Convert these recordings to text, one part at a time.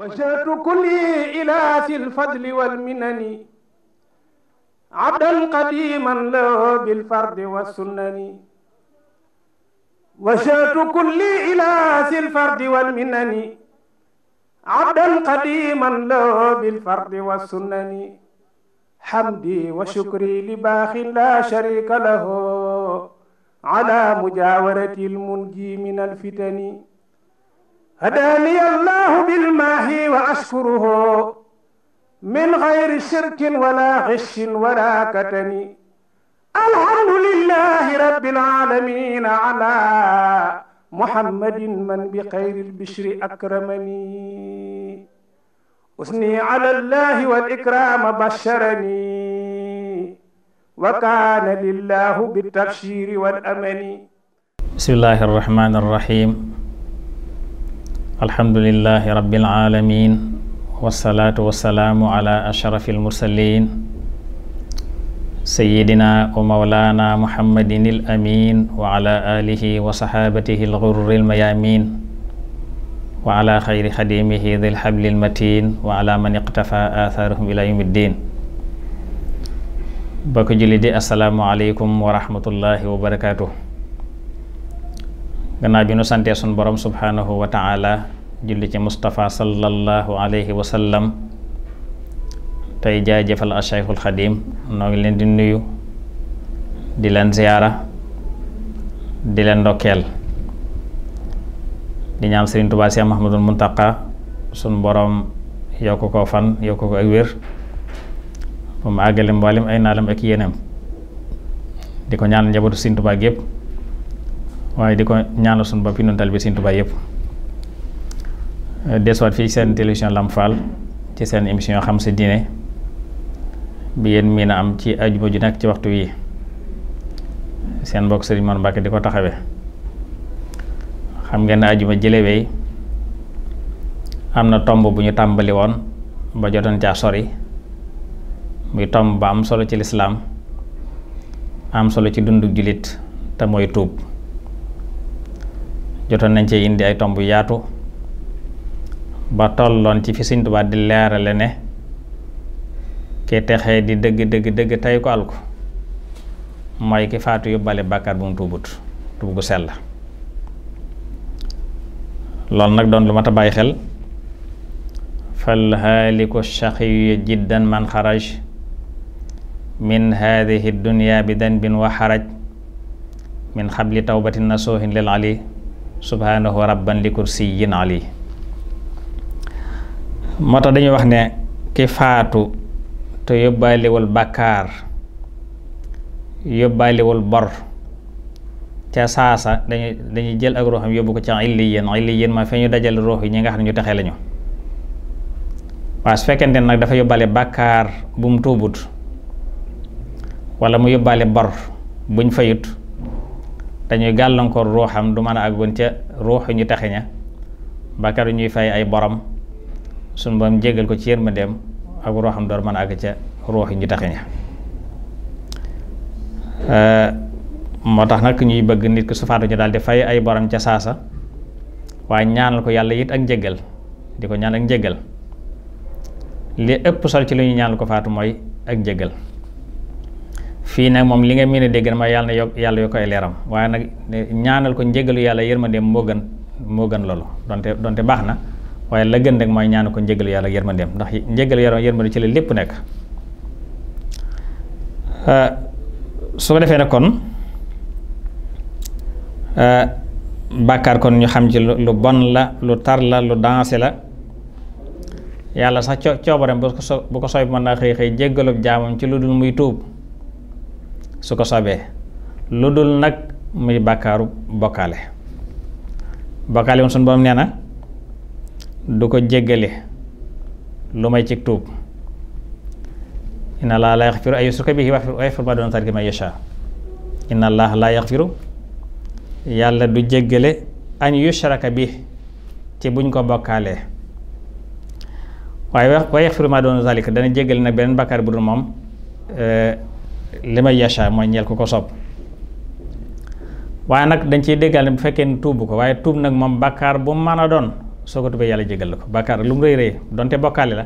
وجهت كلي إلى ذي الفضل والمنن عبدا قديما له بالفرد والسنن وجهت كلي إلى ذي الفرد والمنن عبدا قديما له بالفرد والسنن حمدي وشكري لباخ لا شريك له على مجاورة المنجي من الفتن هداني الله بالماهي وأشكره من غير شرك ولا غش ولا كتم الحمد لله رب العالمين على محمد من بخير البشر أكرمني أثني على الله والإكرام بشرني وكان لله بالتبشير والأمن بسم الله الرحمن الرحيم alhamdulillahi rabbil alamin wasalaatu wasalaamu ala ashrafil mursalin sayyidina wa mawlaana muhammadin il amin wa ala alihi wa saxaabatihi alxurril mayamin wa ala xayri xadimihi dil xablil matin wa ala man iqtafa athaarahum ila yawmi ddin bokk julli di asalaamu aleykum wa rahmatullahi wa barakatuh gannaaw bi nu santee sun borom subhaanahu wa ta'ala julli ci Moustapha sallallahu alayhi wa sallam tey jaajëfal Cheikhul Xadim noo ngi leen di nuyu di leen ziyaara di leen ndokkeel di ñaan Serigne Touba Cheikh Mahmadul Muntaqa sun borom yokk ko fan yokk ko ak wér ba mu àggale mboolem ay naalam ak yéenam di ko ñaan njabootu Serigne Touba gépp waaye di ko ñaanal suñ bopp yi bi talibé Sëriñ Tuubaa yëpp desuwaat seen télévision Lamp Fall ci seen émission xam sa diine bi yéen mii am ci ajuma ju nekk ci waxtu wi seen mbokk sëriñ Mor Mbàkke di ko taxawee xam ngeen ne ajuma jële am na tomb bu ñu tàmbali woon ba jotoon caa sori muy tomb ba am solo ci lislaam am solo ci dundu jullit te mooy tuub jotoon nañ cee indi ay tomb yaatu ba tolloon ci fi Sëriñ Tuubaa di leerale ne ki texee di dëgg dëgg dëgg tey ko alku mooy ki faatu yóbbale bàkkaar bu mu tuubut tuub gu sell loolu nag doon lu mat a bàyyi xel fal haaliku shaqiyu jiddan man xaraj min haadihi dunya bi danbin wa xaraj min xabli tawbatin nasuhin lil ali subhaanahu rabban li kursiyin ali moo tax dañuy wax ne ki faatu te yóbbaalewul bàkkaar yóbbaalewul bor ca saasa dañuy dañuy jël ak ruuxam yóbbu ko ca li illiyin ma fi ñu dajale ruux yi ñu nga xam ne ñu texee lañu waaye su fekkente nag dafa yóbbaale bàkkaar bu mu tuubut wala mu yóbbaale bor buñ fayut dañuy gàllankoor ruuxam du mën a àggoon ca ruuxu ñu taxe ña bàkkaar ñuy fay ay borom suñu boom jégal ko ci yërmandeem ak ruuxam door mën a àgg ca ruuxu ñu taxe ña eh, moo tax nag ñuy bëgg nit ki su faatu ñu daal di fay ay borom ca saasa waaye ñaanal ko yàlla it ak njëgal di ko ñaan ak njëgal li ëpp sol ci li ñuy ñaanal ko faatu mooy ak njëgal fii nag moom li nga mën a dégg mooy yàlla na yokk yàlla yo koy leeram waaye nag ñaanal ko njëgalu yàlla yërmandeem moo gën moo gën loolu donte donte baax na waaye la gën rek mooy ñaanal ko njëgalu yàlla yërmandeem ndax njëgalu yàlla yërmande ci la lépp nekk euh, su ko defee nag kon euh, bakaar kon ñu xam ci lu bon la lu tar la lu dansé la yàlla sax coobareem bu ko sooy bu ko sooy mën naa xëy xëy jéggalub jaamam ci lu dul muy tuub su ko soobee lu dul nag muy bàkkaaru bokkaale bokkaale moom suñu borom nee na du ko jéggale lu may cig tuub inna allaha laa yaxfiru ay yusrika du jéggale an bi ci buñ ko bokkaalee waaye wa yaxfiru ma doon zalika dana jéggale nag beneen bàkkaar bu dul moom eh, li may yasha mooy ñeel ku ko sopp waaye nag dañ ciy déggal ne bu fekkee ne tuub ko waaye tuub nag moom bakkaar bu mën a doon soo ko tubee yàlla jégal la ko bakkaar lu mu rëy rëy donte bokkaale la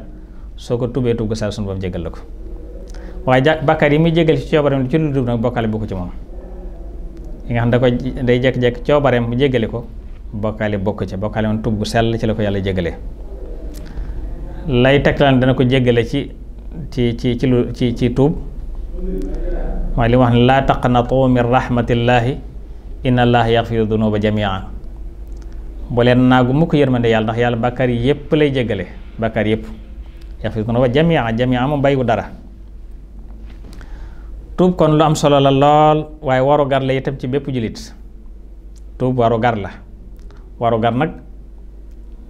soo tubee tuub ko sal sunu borom la ko ja bàkkaar yi muy jégal ci coobareem ci lu tuub nag ci moom xam da day jekk-jekk coobareem mu jégale ko bokkaale bokk ci bokkaale moom tuub gu sell ci la ko yàlla jégalee lay tegtalan dana ko jégale ci ci ci ci ci ci tuub mooy li wax ne laa taqnatu min rahmatillahi inna allaha yaxfiru dunuba jamia bu leen naagu mukk yërmande yàlla ndax yàlla bàkkaar yépp lay jéggale bàkkaar yépp yaxfiru dunuba jamia jamia moom bàyyiwu dara tuub kon lu am solo la lool waaye waru gar la itam ci bépp jullit tuub waru gar la waru gar nag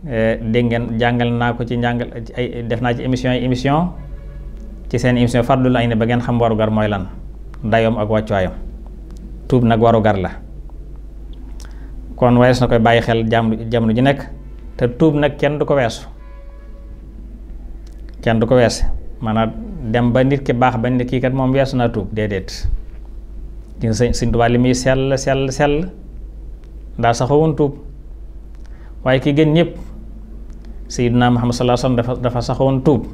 eh, dégg ngeen jàngal naa ko ci njàngal ay def naa ci émission yi émission ci seen émission fardul ne ba ngeen xam warugar mooy lan dayoom ak wàccuwaayam tuub nag warugar la kon wees na koy bàyyi xel jam jamono ji nekk te tuub nag kenn du ko weesu kenn du ko wees maanaam dem ba nit ki baax ba nit kii kat moom weesu naa tuub déedéet dinga sëñ sëñ Tuubaa li muy sell sell sell ndaa sax tuub waaye ki gën ñëpp Sayyidina Muhammad sallallahu alayhi wasallam dafa dafa saxoon tuub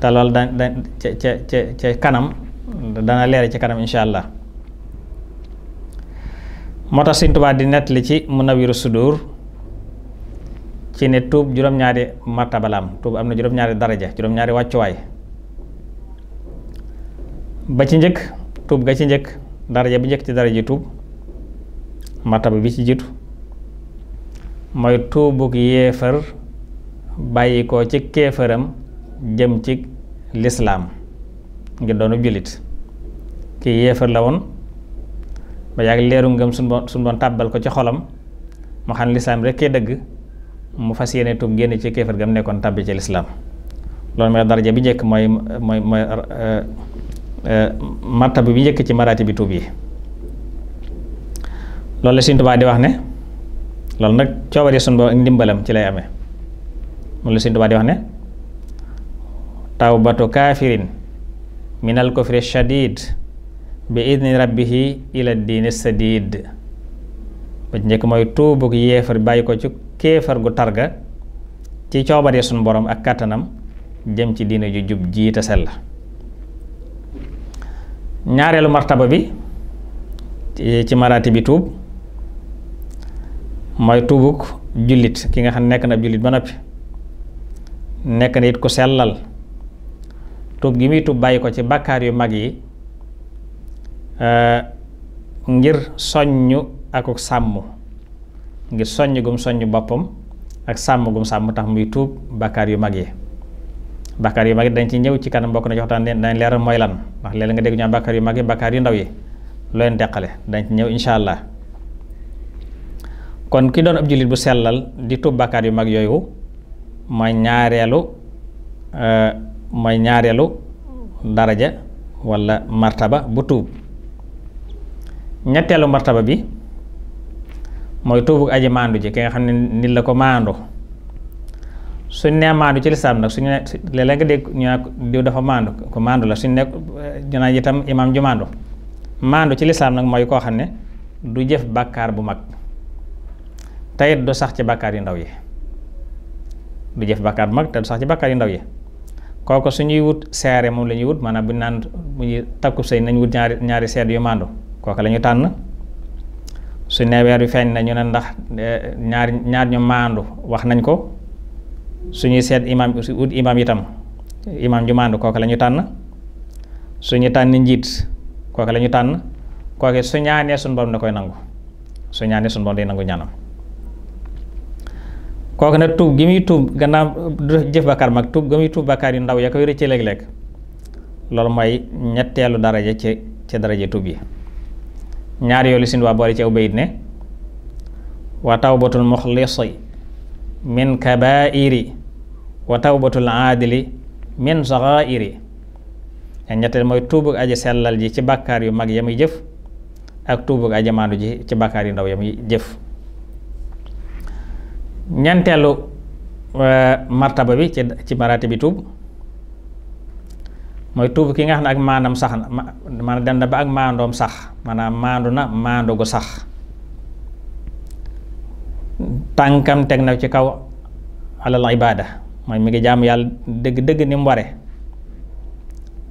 te da da ca ca ca ca kanam dana leer ci kanam incha allah moo tax Sëriñ tubaa di nettali ci Munawwiru Sudur ci ne tuub juróom-ñaari martabalaam tuub am na juróom-ñaari daraja juróom-ñaari wàccuwaay ba ci njëkk tuub ga ci njëkk daraja bi njëkk ci daraja tuub martaba bi ci jitu mooy tuubug yéefar bàyyi ko ci kéefaram jëm ci lislaam ngir doonu jullit kii yéefar la woon ba yàgg leeru ngëm suñ boon suñ boon tàbbal ko ci xolam mu xam lislaam rek kee dëgg mu fas yéene tuub génn ci kéefar gam nekkoon tàbbi ci lislaam loolu mooy daraja bi njëkk mooy mooy euh, euh, bi njëkk ci maraati bi tuub yi loolu la Sëriñ di wax ne loolu nag coobari sun boo ak ndimbalam ci lay amee loolu la Sëriñ di wax ne tawbatu kaafirin minal kufri shadid bi idni rabbihi ila diini sadid ba njëkk mooy tuubug yéefar bàyyi ko ci kéefar gu targa ci coobaree sunu borom ak kàttanam jëm ci diine ju jub jiite sell ñaareelu martaba bi ci maraati bi tuub mooy tuubug jullit ki nga xam nekk na ab jullit ba noppi nekk na it ku sellal tuub gi muy tuub bàyyi ko ci bakkaar yu mag yi euh, ngir soññ ak sàmm ngir soññ gum soññ boppam ak sàmm gum sàmm tax muy tuub bakkaar yu mag yi bàkkaar yu mag yi dañ ci ñëw ci kanam na ci waxtaan dañ leeral mooy lan ndax léeg nga dégg ñu am yu mag yi bàkkaar yu ndaw yi looleen deqale dañ ci ñëw incha allah kon ki doon ab jullit bu sellal di tuub bàkkaar yu mag yooyu ma ñaareelu euh, mooy ñaareelu daraja walla martaba bu tuub ñetteelu martaba bi mooy tuubu aji maandu ji ki nga xam ne nit la ko maandu suñ nee maandu ci lislaam nag suñu ne léeg-léeg nga dégg ñu ne diw dafa maandu ko maandu la suñ ne ñu naan itam imaam ju maandu maandu ci lislaam nag mooy koo xam ne du jëf bàkkaar bu mag teyit du sax ci bàkkaar yu ndaw yi du jëf bàkkaar bu mag te du sax ci bàkkaar yu ndaw yi kooku su ñuy wut seere moom la ñuy wut maanaam bu naan bu ñuy takku sëy nañ wut ñaari ñaari seet yu màndu kooku lañuy tànn su ne weer bi feeñ ndax eh, ñaar ñaar ñu wax nañ ko suñuy seet imaam wut imaam itam imaam ju màndu kooku la ñu tànn suñu tànn njiit kooku la tànn kooku su ñaanee suñu borom da koy nangu su ñaanee suñu borom day nangu ñaanam kooku nag tuub gi muy tuub gannaaw jëf bakkaar mag tuub gi muy tuub bakkaar yu ndaw ya koy rëcc léeg-léeg loolu mooy ñetteelu daraja ci ci daraja tuub yi ñaar yoolu sin waa boole ci aw bayit ne wa tawbatul muxlisi min kabairi wa tawbatul aadili min saxairi ñetteel mooy tuubug aji sellal ji ci bakkaar yu mag ya muy jëf ak tuubug aji maandu ji ci bakkaar yu ndaw ya muy jëf ñenteelu euh, martaba bi ci ci maraati bi tuub mooy tuub ki nga xam ne ak maandam sax na maanaam dem na ba ak maandoom sax maanaam maandu na maandu gu sax tànkam teg na ci kaw alal ibaada mooy mi ngi jaamu yàlla dëgg dëgg ni mu ware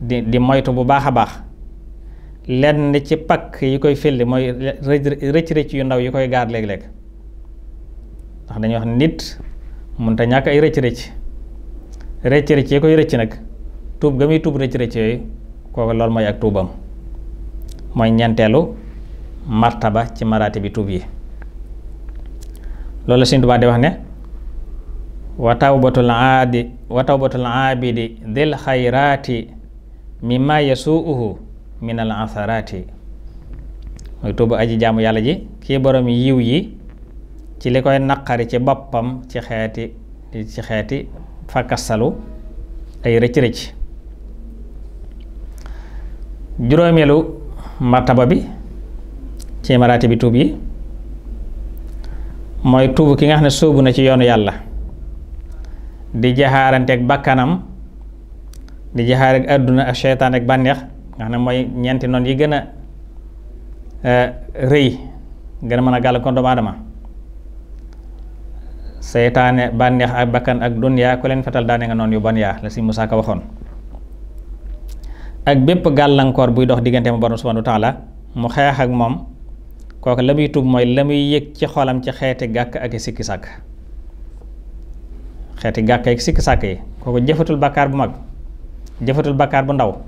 di di moytu bu baax a baax lenn ci pakk yi koy filli mooy rëcc rëcc yu ndaw yi koy gaar léeg-léeg ndax dañuy wax nit mënut a ñàkk ay rëcc rëcc rëcc rëcc koy rëcc nag tuub ga muy tuub rëcc rëcc yooyu kooku loolu mooy ak tuubam mooy ñeenteelu martaba ci maraati bi tuub yi loolu Sëñ Tuubaa di wax ne wa tawbatul aadi wa tawbatul aabidi dil xayraati mimma yasuuhu min al asaraati mooy tuubu aji jaamu yàlla ji kii borom yiw yi ci li koy naqari ci boppam ci xeeti ci xeeti fakkastalu ay rëcc rëcc juróomeelu martaba bi ci maraati bi tuub yi mooy tuub ki nga xam ne sóobu na ci yoonu yàlla di jaxaarante ak bakkanam di jaxaar ak àdduna ak seytaan ak bànneex nga xam ne mooy ñeenti noonu yi gën a eh, rëy gën a mën a gàll ko doomu aadama seytaane bànneex ak bakkan ak dunyaa ku leen fetal daane nga noon yu bon yaa la si Musaa Ka waxoon ak bépp gàllankoor buy dox diggante mu borom subhaanahu wa taala mu xeex ak moom kooku la muy tuub mooy la muy yëg ci xolam ci xeeti gàkk ak sikki sàkk xeeti gàkk ak sàkk yi kooku jëfatul bakkaar bu mag jëfatul bakkaar bu ndaw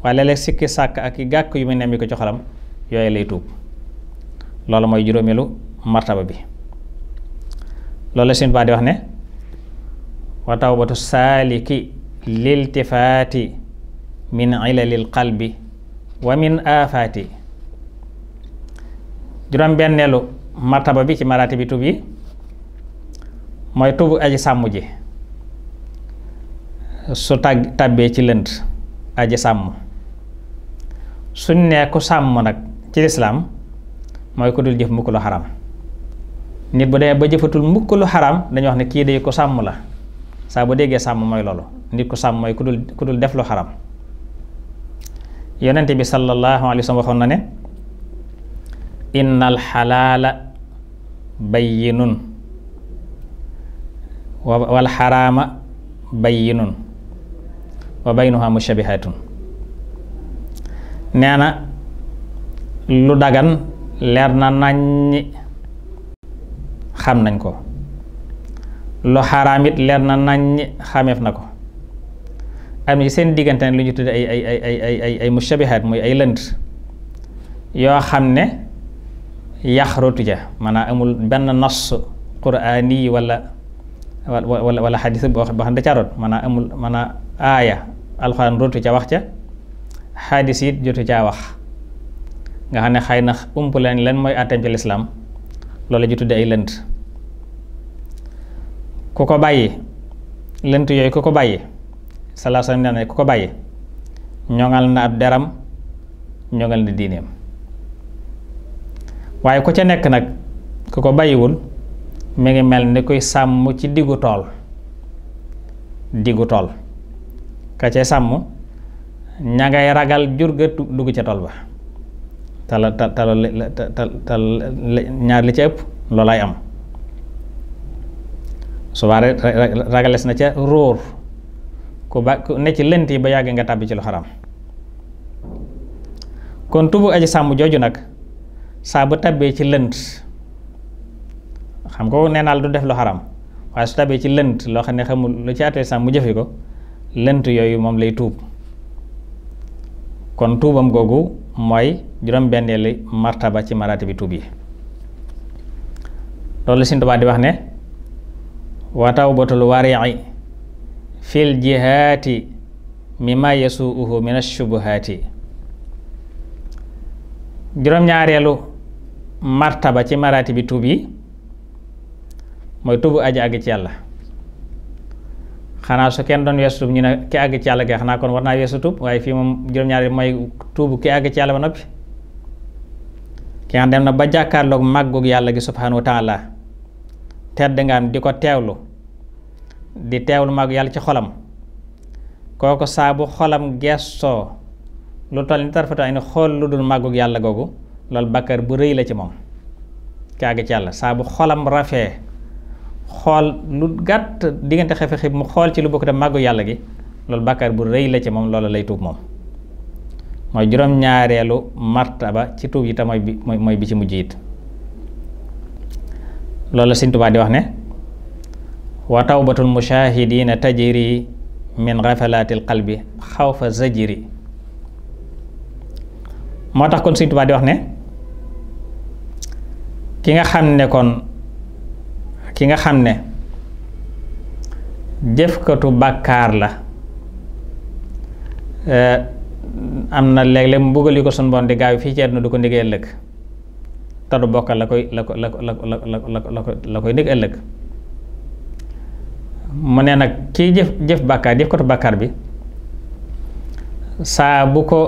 waaye léeg-léeg sikki sàkk ak i gàkk yu muy nemmi ko ci xolam yooyu lay tuub loolu mooy juróomeelu martaba bi loolu la Sëñ di wax ne wa tawbatu saaliki liltifaati min ilalil qalbi wa min aafaati juróom benneelu martaba bi ci maraati bi tub yi mooy tubu aji sàmm ji su tàgg tàbbee ci lënd aji sàmm suñ ne ku sàmm nag ci lislaam mooy ku dul jëf mukk lu xaram nit bu dee ba jëfatul mukk lu xaraam dañuy wax ne kii de ko sàmm la saa bu déggee sàmm mooy loolu nit ku sàmm mooy ku dul def lu xaraam yonente bi sallallahu alayhi wa sallam waxoon na ne innal xalaala bayyinun wal xaraama bayyinun wa baynuha mushabihatun nee lu dagan leer na nàññi xam nañ ko lu xaraam it leer na nañ xameef na ko am na seen diggante ne lu ñu tudde ay ay ay ay ay ay ay mushabihaat muy ay lënd yoo xam ne yaxrutu ja maanaam amul benn nas quraani wala wala wala xadis boo xam ne da caroot maanaam amul maanaam aaya alxuraan rotu ca wax ca xadis it jotu caa wax nga xam ne xëy na ump leen leen mooy àtteem ci lislaam loolu ju tudde ay lënd ku ko bàyyi lënt yooyu ku ko bàyyi salaa salaam nee na ku ko bàyyi ñoŋal na ab deram ñoŋal na diineem waaye ku ca nekk nag ku ko bàyyiwul mu ngi mel ni kuy sàmm ci diggu tool diggu tool ka ca sàmm ña ngay ragal jur ga dugg ca tool ba tala tala tala ñaar li ci ëpp loolay am subaa ragales na ca róor ku ba ku ne ci lënt yi ba yàggee nga tàbbi ci lu xaram kon tubu aji sàmm jooju nag saa bu tàbbee ci lënt xam ko nee naa la du def lu xaram ci lënt loo xam ne xamul lu ci sàmm mu ko lënt yooyu moom lay tuub kon tuubam googu mooy juróom benneeli martaba ci maraati bi tuub yi loolu Sëriñ Tuubaa di wax ne wa tawbatul wari'i fil jihaati mimma yasuuhu min ashubuhaati juróom-ñaareelu martaba ci maraati bi tuub yi mooy tubu aji àgg ci yàlla xanaa su kenn doon weesu tuub ñu ne ki àgg ci yàlla kay xanaa kon war naa weesu tuub waaye fii moom juróom-ñaareelu mooy tuubu ki àgg ci yàlla ba noppi ki dem na ba jàkkaarloog màggug yàlla gi subhaanahu tedd ngaam di ko teewlu di teewlu màgg yàlla ci xolam kooku saa bu xolam gestoo lu toll ni tarfata ay ni xool lu dul màggug yàlla googu loolu bàkkaar bu rëy la ci moom kaagi ci yàlla saa bu xolam rafee xool lu gàtt diggante xefe mu xool ci lu bokk te yàlla gi loolu bàkkaar bu rëy la ci moom loola lay tuub moom mooy juróom-ñaareelu martaba ci tuub yi te mooy bi mooy bi ci mujj it loolu la Sëñ Tuubaa di wax ne wa tawbatul mushaahidiina tajri min ghafalaatil qalbi xawfa zajri moo tax kon Sëñ Tuubaa di wax ne ki nga xam ne kon ki nga xam ne jëfkatu bàkkaar la eh, am na léeg-léeg mbugal yi ko sun boon di gaaw fii ci na du ko ndigee ëllëg tadu bokkal la koy la ko la la la koy dégg ëllëg mu ne nag kii jëf jëf bàkkaar jëf kotu bàkkaar bi saa bu ko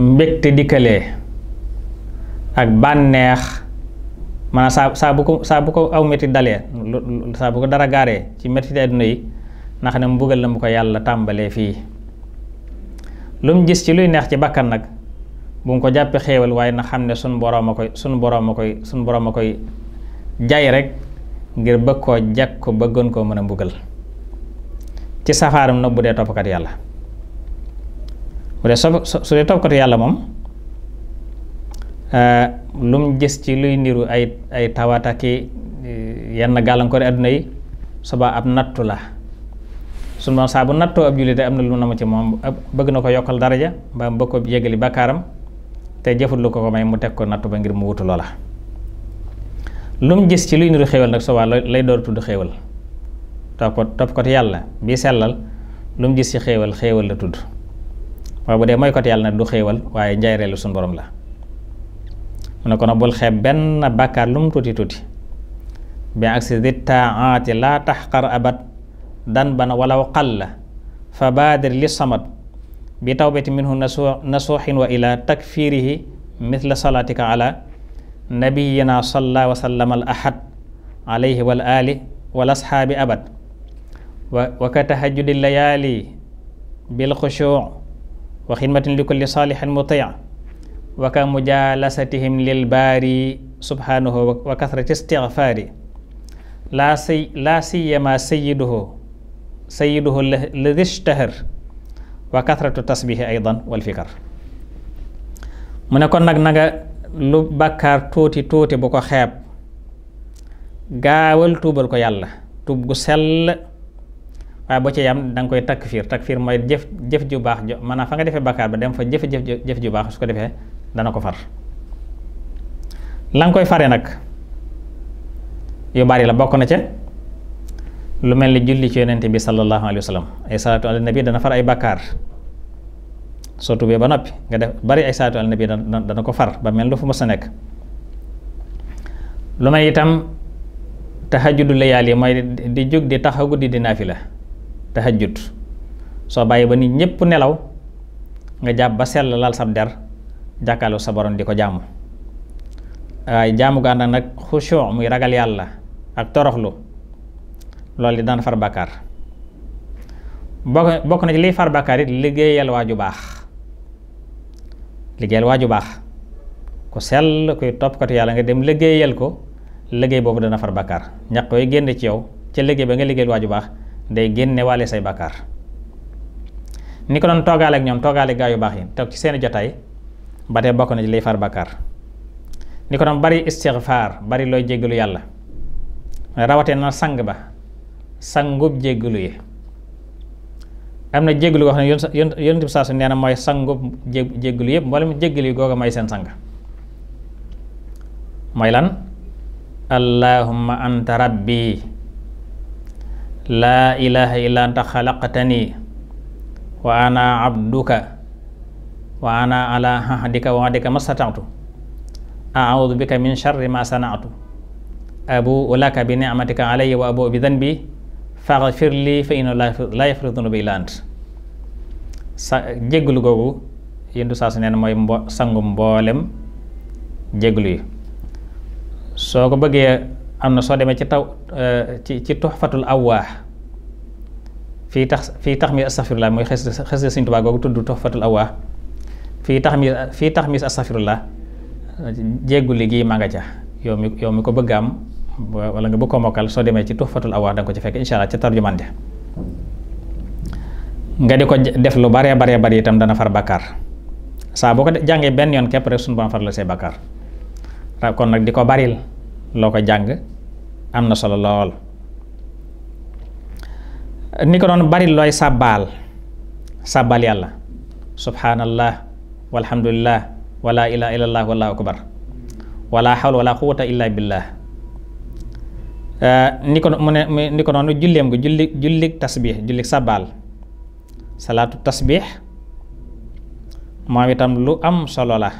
mbégte dikkalee ak bànneex maanaam saa saa bu ko saa bu ko aw métti dalee saa bu ko dara gaaree ci métti àdduna yi ndax ne mbugal la mu ko yàlla tàmbalee fii lu mu gis ci luy neex ci bàkkan nag bu mu ko jàppee xéewal waaye na xam ne sunu boroom a koy sunu boroom a koy sunu boroom a koy jaay rek ngir bëgg koo jag ko bëggoon koo mën a mbugal ci safaaram nag bu dee toppkat yàlla bu dee su dee toppkat yàlla moom eh, lu mu gis ci luy niru ay ay tawata ki eh, yenn gàllankoor adduna yi suba ab nattu la sunu saa bu nattoo ab jullit am na lu mu na ma ci moom bëgg na ko yokkal daraja mbaa bëgg ko yëgali bakkaaram te jëfut lu ko ko may mu teg ko nattu ba ngir mu wutu loola lu gis ci luy niru xéewal nag soobaa lay door tudd xéewal topp ko topp ko te yàlla bi sellal lu gis ci xéewal xéewal la tudd waaye bu dee mooy ko te yàlla nag du xéewal waaye njaayreelu suñu borom la mu ne ko nag bul xeeb benn bàkkaar lu tuuti tuuti bi agsi di taaati laa taxqar abad dan bana walaw qalla fa baadir li samat bi tawbati minhu nasuuxin wa ila takfirihi mithla salaatika ala nabiyina salla wa sallama al ahad alayhi wal ali wal ashaabi abad wa ka tahajjudi layaali bil xushuu wa xidmatin li kulli saalihin mutia wa ka mujalasatihim lil baari subhanahu wa kasrati istigfaari laa si laa siyama sayiduhu sayiduhu ladi ishtahar wa kathratu tasbihi aydan wal fikar mu ne kon nag na lu bàkkaar tuuti tuuti bu ko xeeb gaawal tuubal ko yàlla tuub gu sell waaye boo ci yam da nga koy takfiir takfiir mooy jëf jëf ju baax jo maanaam fa nga defee bàkkaar ba dem fa jëfe jëf jëf ju baax su ko defee dana ko far la koy fare nag yu bari la bokk na ca lu mel ni julli ci yonent bi sallallahu alayhi wa sallam ay salaatu ala nabi dana far ay bakkaar soo tubee ba noppi nga def bari ay salaatu ala nabi dana ko far ba mel lu fu mës a nekk lu mel itam tahajjudu layaali mooy di jóg di taxaw guddi di la tahajjud soo bàyyi ba nit ñépp nelaw nga jàpp ba sell lal sab der jàkkaarlu sa borom di ko jàmm waaye jaamu gaa nag nag xushu muy ragal yàlla ak toroxlu loolu daan far bàkkaar bokk bokk na ci liy far bàkkaar it liggéeyal waaju baax liggéeyal waaju baax ku sell kuy toppkatu yàlla nga dem liggéeyal ko liggéey boobu dana far bàkkaar ñaq koy génn ci yow ca liggéey ba nga liggéeyal waaju baax day génne waale say bàkkaar ni ko doon toogaale ñoom toogaale gaa yu baax yi toog ci seeni jotaay ba tey bokk na ci liy far bàkkaar ni ko doon bari istigfaar bari looy jéggalu yàlla rawatee na sang ba sangub jégglu yi am na jégglu goo xam ne yon yonent bi saasu nee na mooy sangub jégglu yëpp mboolem jégglu yi googa mooy seen sang mooy lan allahumma anta rabbi laa ilaha illa anta xalaqtani wa ana abduka wa ana ala ahdika wa adika mastata'tu a'udhu bika min bi ni'matika alayya wa abu'u bi dhanbi faghfir lii fa innahu laa yaghfiru dhunuba illaa ant sa jégglu googu yendu saa su neen mooy mbo sangu mboolem jégglu yi soo ko bëggee am na soo demee ci taw eh, ci ci aw waa fii tax fii tax mi astaghfirullah mooy xes xes Sëriñ Tuubaa googu tudd tuxfatul fii tax fii tax mi astaghfirullah jégglu gi maa nga ca yow mi yow mi ko bëgg am wala nga bëgg ko mokkal soo demee ci tuxfatul awaar da nga ko ci fekk incha allah ca tarjumaan ja nga di ko def lu baree baree bari tam dana far bakkaar saa boo ko jàngee benn yoon képp rek suñu borom far la see bakkaar kon nag di ko baril loo ko jàng am na solo lool ni ko doon baril looy sàbbaal sàbbaal yàlla subhanallah walhamdulillah wala ilaha illallah wallahu akbar wala hawla wala quwwata illa billah Eh, ni ko mu ne ni ko noonu julleem gi julli jullik tasbix jullik sabaal salaatu tasbix moom itam lu am solo la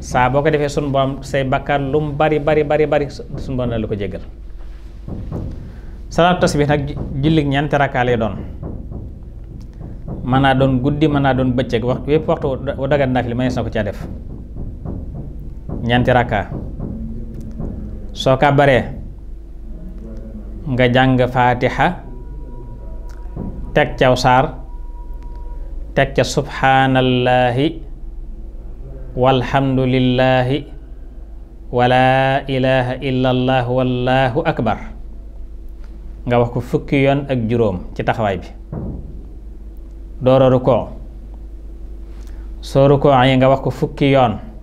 saa boo ko defee sunu borom say bakkaar lu mu bari bari bari bari sun borom la ko jéggal salaatu tasbix nag jullik ñeenti rakkaa lay doon mën naa doon guddi mën naa doon bëccëg wax wépp waxtu wu dagan naa fi li mënees na ko caa def ñeenti rakkaa soo kàbbaree nga jàng faatiha teg caw saar teg ca subhaanallaahi walhamdulillaahi wala ilaha illallah wallahu akbar nga wax ko fukki yoon ak juróom ci taxawaay bi doora rukkoo soo rukkoo yi nga wax ko fukki yoon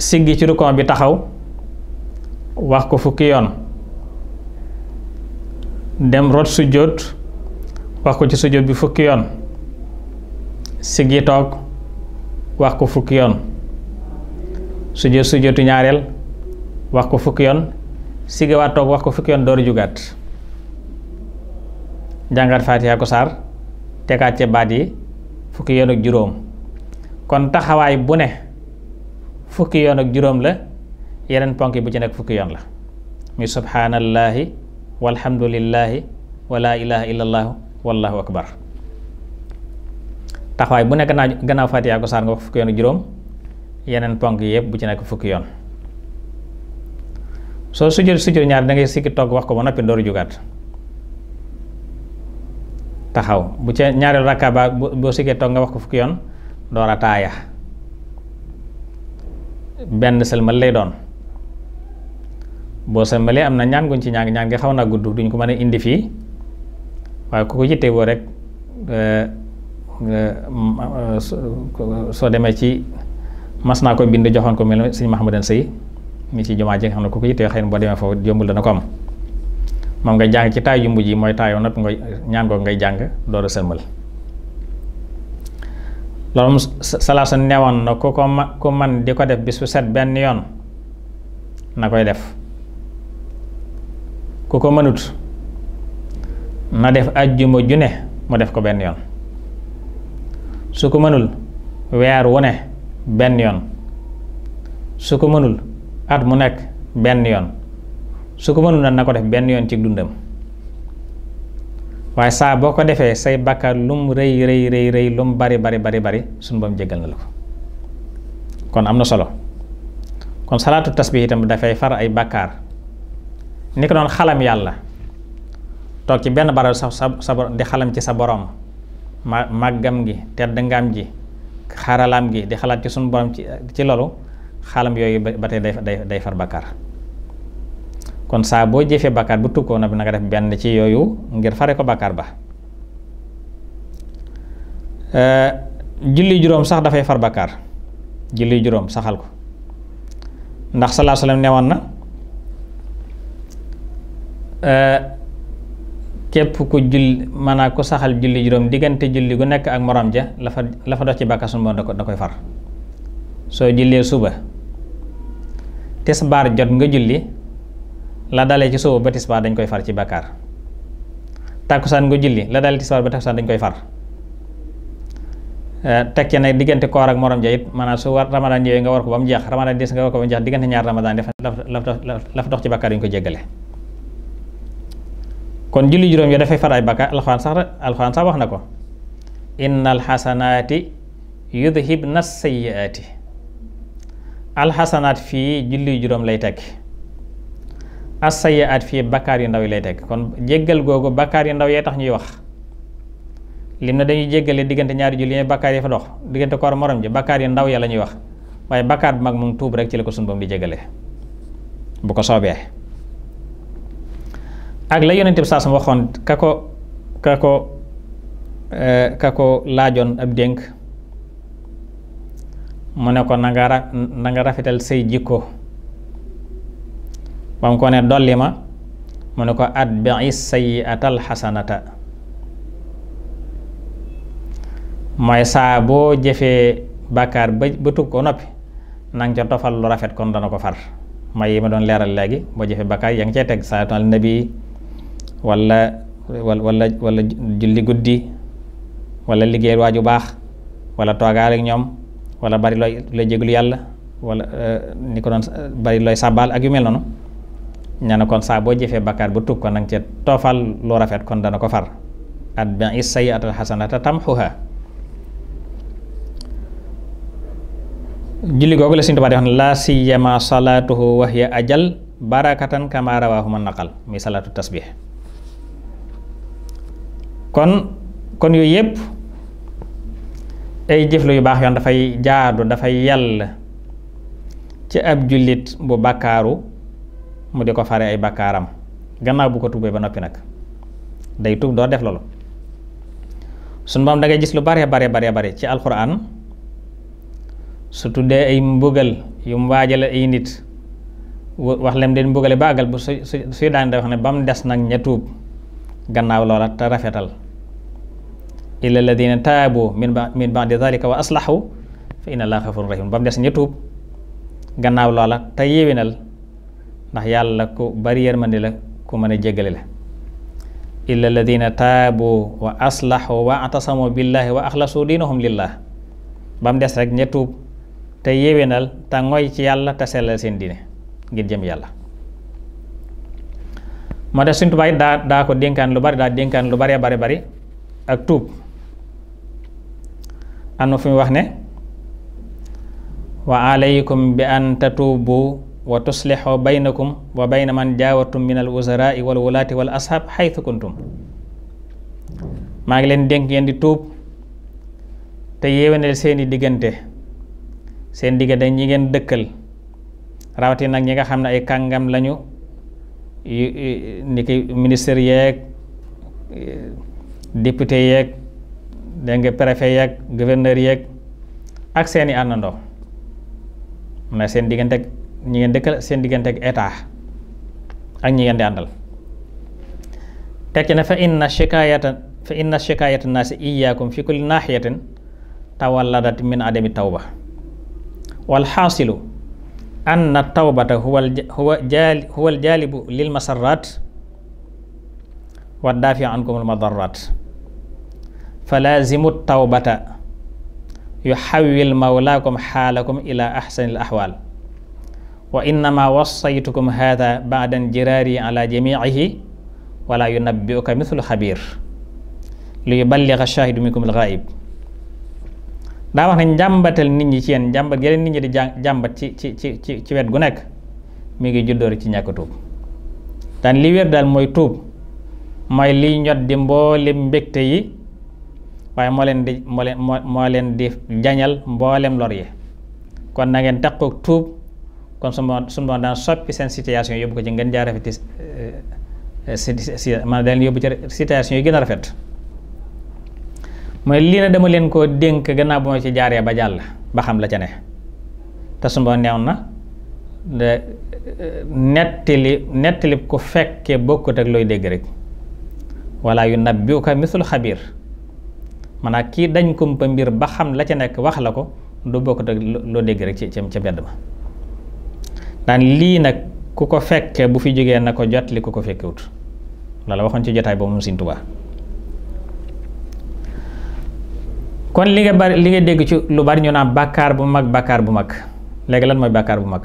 siggi ci rukon bi taxaw wax ko fukki yoon dem rot sujjóot wax ko ci sujjóot bi fukki yoon siggi toog wax ko fukki yoon sujjóot sujjóotu ñaareel wax ko fukki yoon siggiwaat toog wax ko fukki yoon dooru jugaat jàngat faatiha ko saar tegaat ci baat yi fukki yoon ak juróom kon taxawaay bu ne fukki yoon ak juróom la yeneen ponk yi bu ci nekk fukki yoon la muy subhaanallaahi walhamdulillaahi wa laa ilaaha illallaahu wallaahu akbar taxawaay bu nekk naa gannaaw Faatiha ko saar nga wax fukki yoon ak juróom yeneen ponk yëpp bu ci nekk fukki yoon soo sujjóot sujjóot ñaar da ngay sikki togg wax ko ba noppi dooru jugaat taxaw bu ca ñaareelu rakka ba boo sikkee togg nga wax ko fukki yoon door a taaya benn sëlmal lay doon boo sëlmalee am na ñaan guñ ci ñaan ñaan xaw naa gudd duñ ko man a indi fii waaye ku ko yitte woo rek eh, eh, soo demee ci mas naa ko bind joxoon ko mel sëñ Mahamadan Sëy mi ci jumaa ji nga xam ne ku ko yittee xëy na boo demee foofu yombul dana ko am moom ngay jàng ci taay jumbu ji mooy taayoo nag ngay ñaan ko ngay jàng door a sëlmal loolu salaasa newoon na ku ko ma ku man di ko def bis bu set benn yoon na koy def ku ko mënut na def ajjuma ju ne mu def ko benn yoon su ko mënul weer wu ne benn yoon su ko mënul at mu nekk benn yoon su ko mënul na na ko def benn yoon ci dundam waaye saa boo ko defee say bàkkaar lum rëy rëy rëy rëy lum bari bari bari bari suñu boom jéggal na la ko kon am na solo kon salaatu bi itam dafay far ay bakkaar ni ko doon xalam yàlla toog ci benn baral sa sa sa di xalam ci sa borom ma màggam gi tedd ngaam ji xaralam gi di xalaat ci suñu borom ci ci loolu xalam yooyu ba tey day day far bàkkaar kon saa boo jëfee bakkaar bu tukkoon na bi nanga nga def benn ci yooyu ngir fare ko bakkaar ba julli juróom sax dafay far bakkaar julli juróom saxal ko ndax salaa salaam woon na képp ku julli maanaam ku saxal julli juróom diggante julli gu nekk ak morom ja la fa la fa dox ci bàkkaar sunu da koy far soo jullee suba tisbaar jot nga julli la dalee ci suba ba tisbaar dañ koy far ci bàkkaar tàkkusaan nga julli la dalee tisbaar ba tàkkusaan dañ koy far eh, teg ca nag diggante koor ak morom ja it maanaam su war ramadaan yooyu nga war ko ba mu jeex des nga war ko ba mu jeex diggante ñaar ramadaan def la fa dox ci bàkkaar dañ ko jéggale kon julli juróom ya dafay far ay bàkkaar alxuraan sax alxuraan sax wax na ko innal xasanaati yudhibna sayyiaati alxasanaat fii julli juróom lay tekki as at fii bakkaar yu ndaw yi lay teg kon jéggal googu bakkaar yu ndaw yee tax ñuy wax lim na dañuy jéggale diggante ñaari julli yi bakkaar yi fa dox diggante koor morom ji bakkaar yu ndaw ya la ñuy wax waaye bakkaar bu mag mu tuub rek ci la ko sunu Boroom di jéggale bu ko soobee ak la yonent bi saa sama waxoon ka ko ka ko eh, ka ko laajoon ab dénk mu ne ko na ra na rafetal say jikko ba mu ko ne dolli ma mu ne ko atbi'i sayyi'atal xasanata mooy saa boo jëfee bàkkaar ba ba tub ko noppi nanga ca tofal lu rafet kon dana ko far mooy yi ma doon leeral léegi boo jëfee bàkkaar yaa ngi cee teg salaatu ala nabi wala wala wala julli guddi wala liggéey waaju baax walla toogaal ak ñoom wala bari looy looy jéglu yàlla wala euh, ni ko doon bari looy sàbbaal ak yu mel noonu ña na kon saa boo jëfee bakkaar ba tub ko nang ci toofal lu rafet kon dana ko far at bi is sayyi'atal hasanata tamhuha julli googu la Sëriñ Tuubaa ne laa siyama salaatuhu wa hiya ajal barakatan kama rawaahu man naqal muy salaatu tasbih kon kon yooyu yëpp ay jëflu yu baax yoon dafay jaadu dafay yàlla ci ab jullit bu bakkaaru mu di ko fare ay bakkaaram gannaaw bu ko tuubee ba noppi nag day tuub doo def loolu suñ moom da ngay gis lu bare bare bare bare ci alxuraan su tuddee ay mbugal yu mu waajale ay nit wax leen den mbugale ba àggal bu su suy daan day wax ne ba mu des nag ña tuub gannaaw loola te rafetal illa alladina taabu min ba min di zalika wa aslahu fa inna allaha ghafurun rahim ba mu des ña tuub gannaaw loola te yéwénal ndax yàlla ku bari yërmande la ku mën a jéggale la illa alladina taabu wa aslahu wa atasamu billahi wa axlasu diinahum lillah ba mu des rek ña tuub te yéwénal te ngoy ci yàlla te sellal seen diine ngir jëm yàlla moo tax Sëriñ Tuubaa it daa daa ko dénkaan lu bari daa dénkaan lu bare bare bari ak tuub am na fu mu wax ne wa alaykum bi an tatuubu wa tuslixu baynakum wa bayna man jaawartum min al wuzaraai wal wulaati wal ashab xaytu kuntum maa ngi leen dénk ngeen di tuub te yéwénal seeni diggante seen diggante ñi ngeen dëkkal rawati nag ñi nga xam ne ay kàngam lañu ni ki ministre yeeg député yeeg dégg nga préfet yeeg gouverneur yeeg ak seeni àndandoo mu ne seen diggante ñi ngeen dëkkal seen diggante ak état ak ñi ngeen di àndal teg ci ne fa inna shikaayata fa inna shikaayata naasi iyaakum fi kulli naaxiyatin tawalladat min adami tawba wal xaasilu anna tawbata huwa huwa jaali huwa aljaalibu lil masarraat wa daafi ankum al madarraat fa laazimu tawbata yuxawil mawlaakum xaalakum ila axsani al axwaal wa innama wassaytukum hada baadan jiraari ala jamiihi wala yunabbiuka mithlu xabiir li yuballiga shahidu minkum al-ghaib daa wax ne njàmbatal nit ñi ci yéen njàmbat yeneen nit ñi di jàmbat ci ci ci ci ci wet gu nekk mu ngi juddoori ci ñàkk tuub daan li wér daal mooy tuub mooy liy ñot di mboolem mbégte yi waaye moo leen di moo leen di jañal mboolem lor yi kon na ngeen takkook tuub kon su ma su daan soppi seen situation yóbbu ko ci ngeen jaar rafet si eh, eh, si maanaam daal yi gën a rafet mooy lii na dama leen ko dénk gannaaw ba ma ci jaaree ba jàll ba xam la ca ne te su ma neew na eh, nettali nettali ku fekkee bokkut ak looy dégg rek walla yu nabbiuka misul xabiir maanaam kii dañ kumpa mbir ba xam la ca nekk wax la ko du bokkut ak loo dégg rek ci ca mbedd ma daan lii nag ku ko fekke bu fi jógee na ko jot li ku ko fekkewut loola waxoon ci jotaay boobu moom Sëriñ kon li nga nga dégg ci lu bari ñu naan bàkkaar bu mag bàkkaar bu mag léegi lan mooy bàkkaar bu mag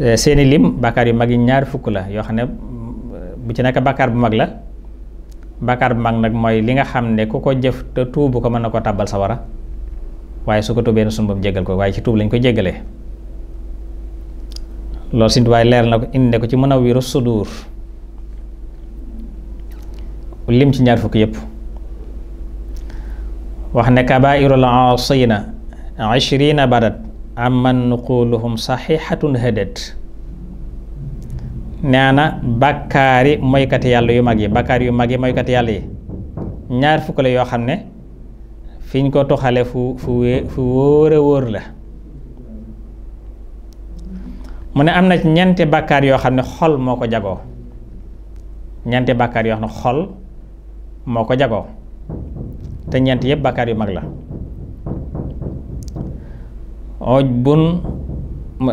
eh, seeni lim bàkkaar yu mag yi ñaar fukk la yoo xam ne bu ci nekk bàkkaar bu mag la bàkkaar bu mag nag mooy li nga xam ne ku ko jëf te bu ko mën na ko tàbbal sawara waaye su ko tuubee na sunu bopp jéggal ko waaye ci tuub lañ ko jéggalee lool Sëñ leer na ko indi ko ci Munawwiru Suduur lim ci ñaar fukk yëpp wax ne kabaa'irul aasiina ishriina badat amman nuquluhum saxiixatun hadat nee na bàkkaari moykati yàlla yu mag yi bàkkaar yu mag yi moykati yàlla yi ñaar fukk la yoo xam ne fiñ ko toxale fu fu fu wóor wóor la mu ne am na ci ñeenti bàkkaar yoo xam ne xol moo ko jagoo ñeenti bakkaar yoo xam ne xol moo ko jagoo te ñeent yëpp bàkkaar yu mag la oj bun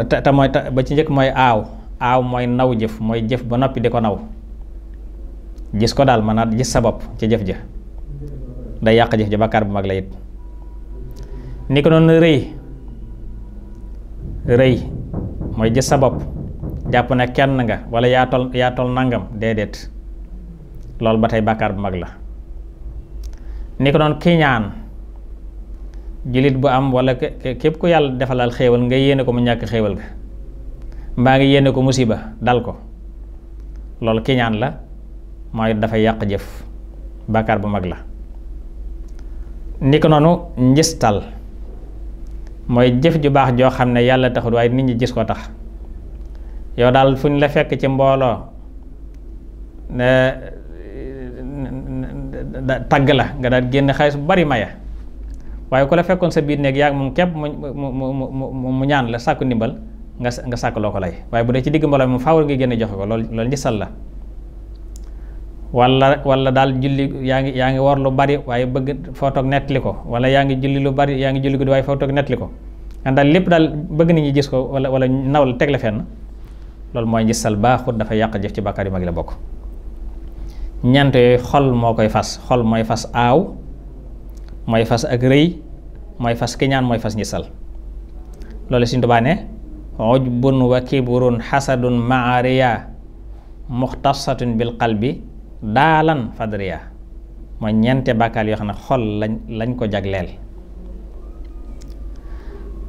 te mooy ba ci njëkk mooy aaw aaw mooy naw jëf mooy jëf ba noppi di ko naw gis ko daal maanaam gis sa bopp ci jëf ja day yàq jëf ja bàkkaar bu mag la it ni ko noonu rëy rëy mooy gis sa bopp jàpp na kenn nga walla yaa tol yaa tol nangam déedéet loolu ba tey bàkkaar bu mag la ni ko noonu kiñaan bu am wala képp ku yàlla defalal xéewal nga yéene ko mu ñàkk xéewal ga mbaa nga yéene ko musiba dal ko loolu kiñaan la mooy dafay yàq jëf bàkkaar bu mag la ni ko noonu njistal mooy jëf ju baax joo xam ne yàlla taxul waaye nit ñi gis ko tax yow daal fu ñu la fekk ci mbooloo ne tagg la nga daal génn xaalis bu bari maya waaye ku la fekkoon sa biir néeg yaa ngi moom képp mu mu mu ñaan la sàkku ndimbal nga nga sàkk loo ko lay waaye bu dee ci digg mbooloo mu faaw nga génn joxe ko loolu loolu gisal la wala wala daal julli yaa ngi yaa ngi war lu bari waaye bëgg foo toog nettali ko wala yaa ngi julli lu bari yaa ngi julli guddi waaye foo toog nettali ko ndax daal lépp daal bëgg nit ñi gis ko wala wala naw la teg la fenn loolu mooy gisal baaxut dafa yàq jëf ci bàkkaar yu mag la bokk. ñeent yooyu xol moo koy fas xol mooy fas aaw mooy fas ak rëy mooy fas kiñaan mooy fas gisal loolu Sëriñ Tuubaa ne ujbun wa kibrun xasadun maariya muxtasatun bil qalbi daalan fadria mooy ñeente bàkkaar yoo xam ne xol lañ lañ ko jagleel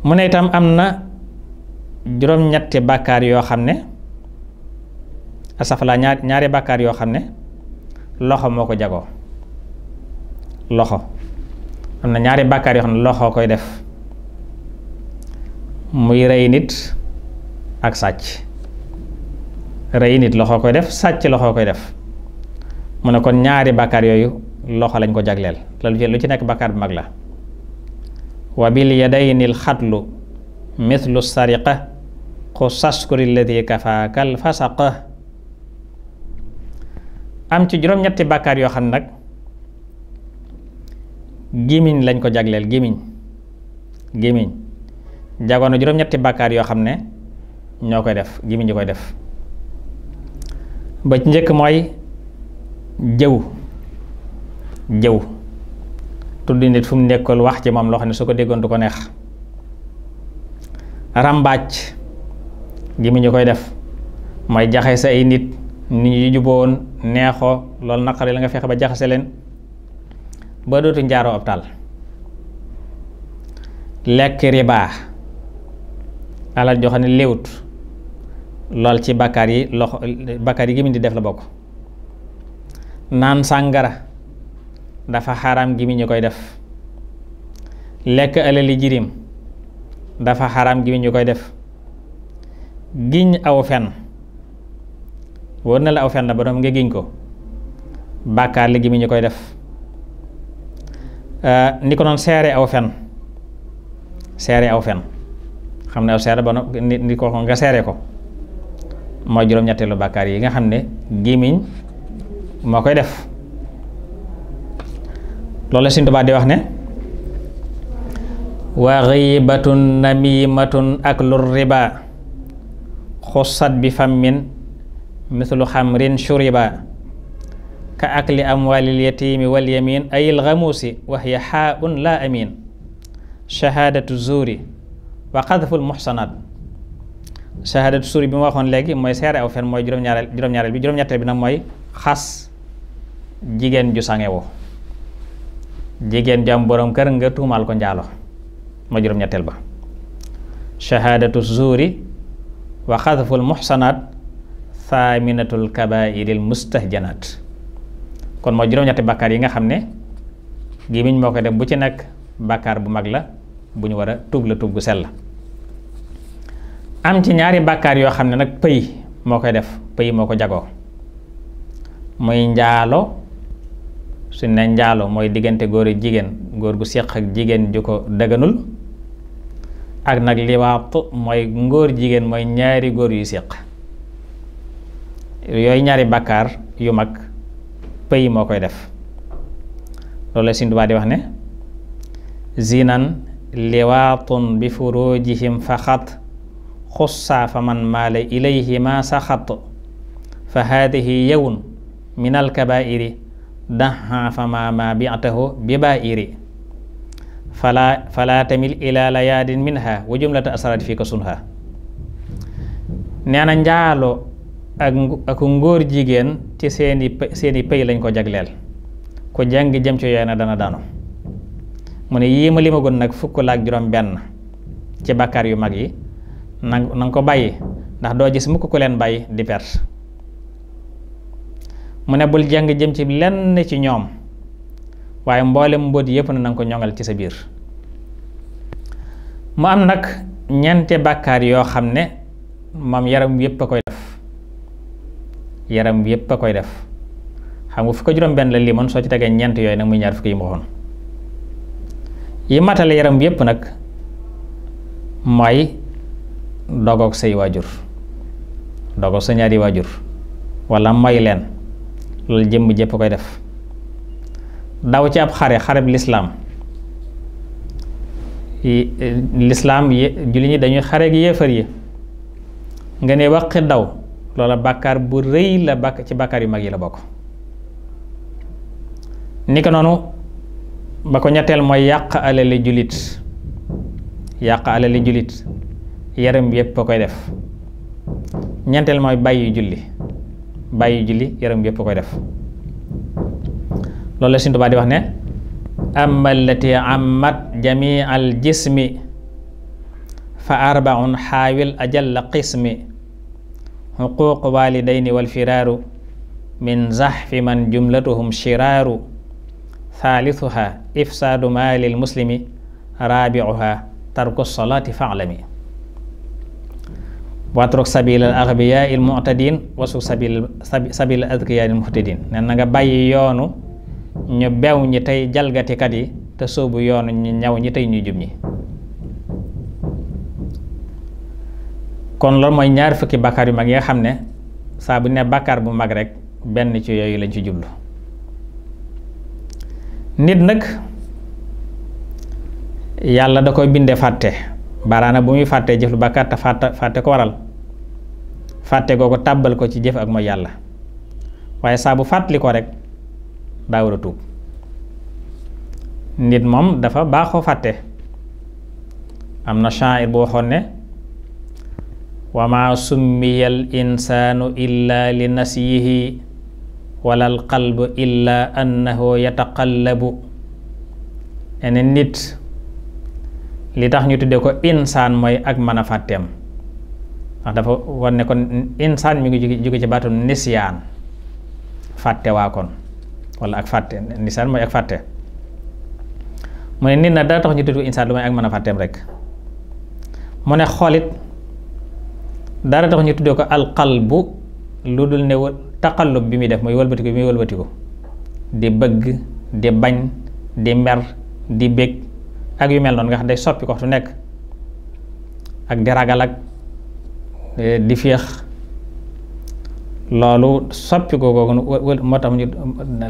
mu ne itam am na juróom-ñetti bàkkaar yoo xam ne asafala ñaar ñaari bàkkaar yoo xam ne loxo moo ko jagoo loxo am na ñaari bàkkaar yoo xam ne loxo koy def muy rey nit ak sàcc rey nit loxo koy def sàcc loxo koy def mu ne kon ñaari bàkkaar yooyu loxo lañ ko jagleel loolu ci lu ci nekk bàkkaar bu mag la wa bil yadayni l xatlu mithlu sariqa xu saskuri ladi kafaakal fasaqa am ci juróom-ñetti bàkkaar yoo xam ne nag gémmiñ lañ ko jagleel gémmiñ gémmiñ jagoon na juróom-ñetti bàkkaar yoo xam ne ñoo koy def gémmiñ ñi koy def ba njëkk mooy jëw jëw tudd nit fu mu nekkul wax ci moom loo ne soo ko déggoon du ko neex ràmbaaj gi mu koy def mooy jaxase ay nit nit ñu juboon neexoo loolu naqari la nga fexe ba jaxase leen ba dootu njaaroo ab taal lekk riba alal joo xam ne léewut lool ci bakkaar yi loxo bakkaar yi gi di def la bokk naan sàngara dafa xaram gi mi ñu koy def lekk alali jirim dafa xaram gi mi ñu koy def giñ aw fen wóor na la aw fen la ba doom nga giñ ko bàkkaar li gi mi ñu koy def euh, ni ko noon seere aw fen seere aw fen xam ne aw seere ba ni ko nga seere ko mooy juróom-ñetteelu bàkkaar yi nga xam ne gémmiñ moo koy def loolu la Sëñ Tuubaa wax ne wa ghibatun namimatun aklu riba xussat bi fammin mithlu xamrin shuriba ka akli amwalil yatimi wal yamin ayil ghamusi wa hiya haa'un la amin shahadatu zuuri wa qadful muhsanat shahadatu zuuri bi waxoon léegi mooy seere aw fen mooy juróom-ñaareel juróom-ñaareel bi juróom-ñetteel bi nag mooy xas jigéen ju sangewu jigéen ju boroom borom kër nga tuumaal ko njaalo ma juróom-ñetteel ba shahaadatu zuuri wa xadful muxsanaat thaaminatul kabairil mustahjanaat kon moo juróom-ñetti bakkaar yi nga xam ne gémmiñ moo koy def bu ci nekk bakkaar bu mag la bu ñu war a tuub la tuub gu la am ci ñaari bakkaar yoo xam ne nag pëy moo koy def pëy moo ko jagoo muy njaalo suñ ne njaalo mooy diggante góor ak jigéen góor gu séq ak jigéen ju ko dëgganul ak nag liwaat mooy ngóor jigéen mooy ñaari góor yu séq yooyu ñaari bàkkaar yu mag pëy moo koy def loolu la Sëñ di wax ne zinan liwaatun bi furujihim faxat xussa fa man maale ilayhima saxat fa haadihi yawun min alkabairi daxa fama ma bi'tahu bi ba'iri fala fala tamil ila layadin minha wa jumlata asraat fii ko sunha nee na njaalo ak ak ngóor jigéen ci seeni seeni pay lañ ko jagleel ku jàng jëm ci yooy na dana dano mu ne yii ma limagoon nag fukk la ak juróom benn ci bàkkaar yu mag yi na nga ko bàyyi ndax doo gis mukk ku leen bàyyi di perte mu ne bul jàng jëm ci lenn ci ñoom waaye mboolem mbóot yépp na nanga ko ñoŋal ci sa biir mu am nag ñeente bàkkaar yoo xam ne moom yaram yépp a koy def yaram yépp a koy def xam nga fukk juróom benn la limoon soo ci tegee ñeent yooyu nag muy ñaar fukk yi mu waxoon yi matale yaram yépp nag mooy dogoog say waajur dogoog sa ñaari waajur walla mooy leen loolu jëmm jëpp koy def daw ci ab xare xareb lislaam eh, lislaam julli ñi dañuy xare gi yéefar yi nga ne waqi daw loola bàkkaar bu rëy la bàkk ci bàkkaar yu mag yi la bokk ni ko noonu ba ko ñetteel mooy yàq alali jullit yàq alali jullit yaram yépp a koy def ñeenteel mooy bàyyi julli bàyyi julli yaram yëpp koy def loolu la Sëriñ Tuubaa di wax ne amma allati ammat jamii al fa arbaun xaawil ajalla qismi xuquuq walidayni wal min zaxfi man jumlatuhum shiraaru thalithuha ifsaadu maalil muslimi raabiuha tarku salaati faalami watruk sabilal aghbiya il mu'tadin wasu sabil sabil azkiya il muhtadin nee na nga bàyyi yoonu ñu bew ñi tey jalgatikat yi te sóobu yoonu ñu ñaw ñi tey ñu jub ñi kon loolu mooy ñaar fukki bàkkaar yu mag yi nga xam ne saa bu ne bàkkaar bu mag rek benn ci yooyu lañ ci jublu nit nag yàlla da koy binde fàtte baaraana bu muy fàttee jëf lu bàkkaar te fàtte fàtte ko waral fàtte googu tàbbal ko ci jëf ak mooy yàlla waaye saa bu ko rek daa war nit moom dafa baaxoo fàtte am na shaa'ir bu waxoon ne wa maa summiya insaanu illa li nasiyihi wala al qalbu annahu yataqallabu ene nit li tax ñu tuddee ko insaan mooy ak mën a fàtteem ndax dafa war ne kon insaan mi ngi jóge ci baatu nisyaan fàtte waa kon wala ak fàtte nisyaan mooy ak fàtte mu ne nit na dara tax ñu tuddee ko insaan a fàtteem rek mu ne xoolit dara tax ñu tuddee ko alqalbu lu dul ne taqallub bi muy def mooy wëlbatiku bi muy wëlbatiku di bëgg di bañ di mer di bëgg ak yu mel noonu nga xam day soppi ko waxtu nekk ak di ragal ak di féex loolu soppi ko googu moo tax ñu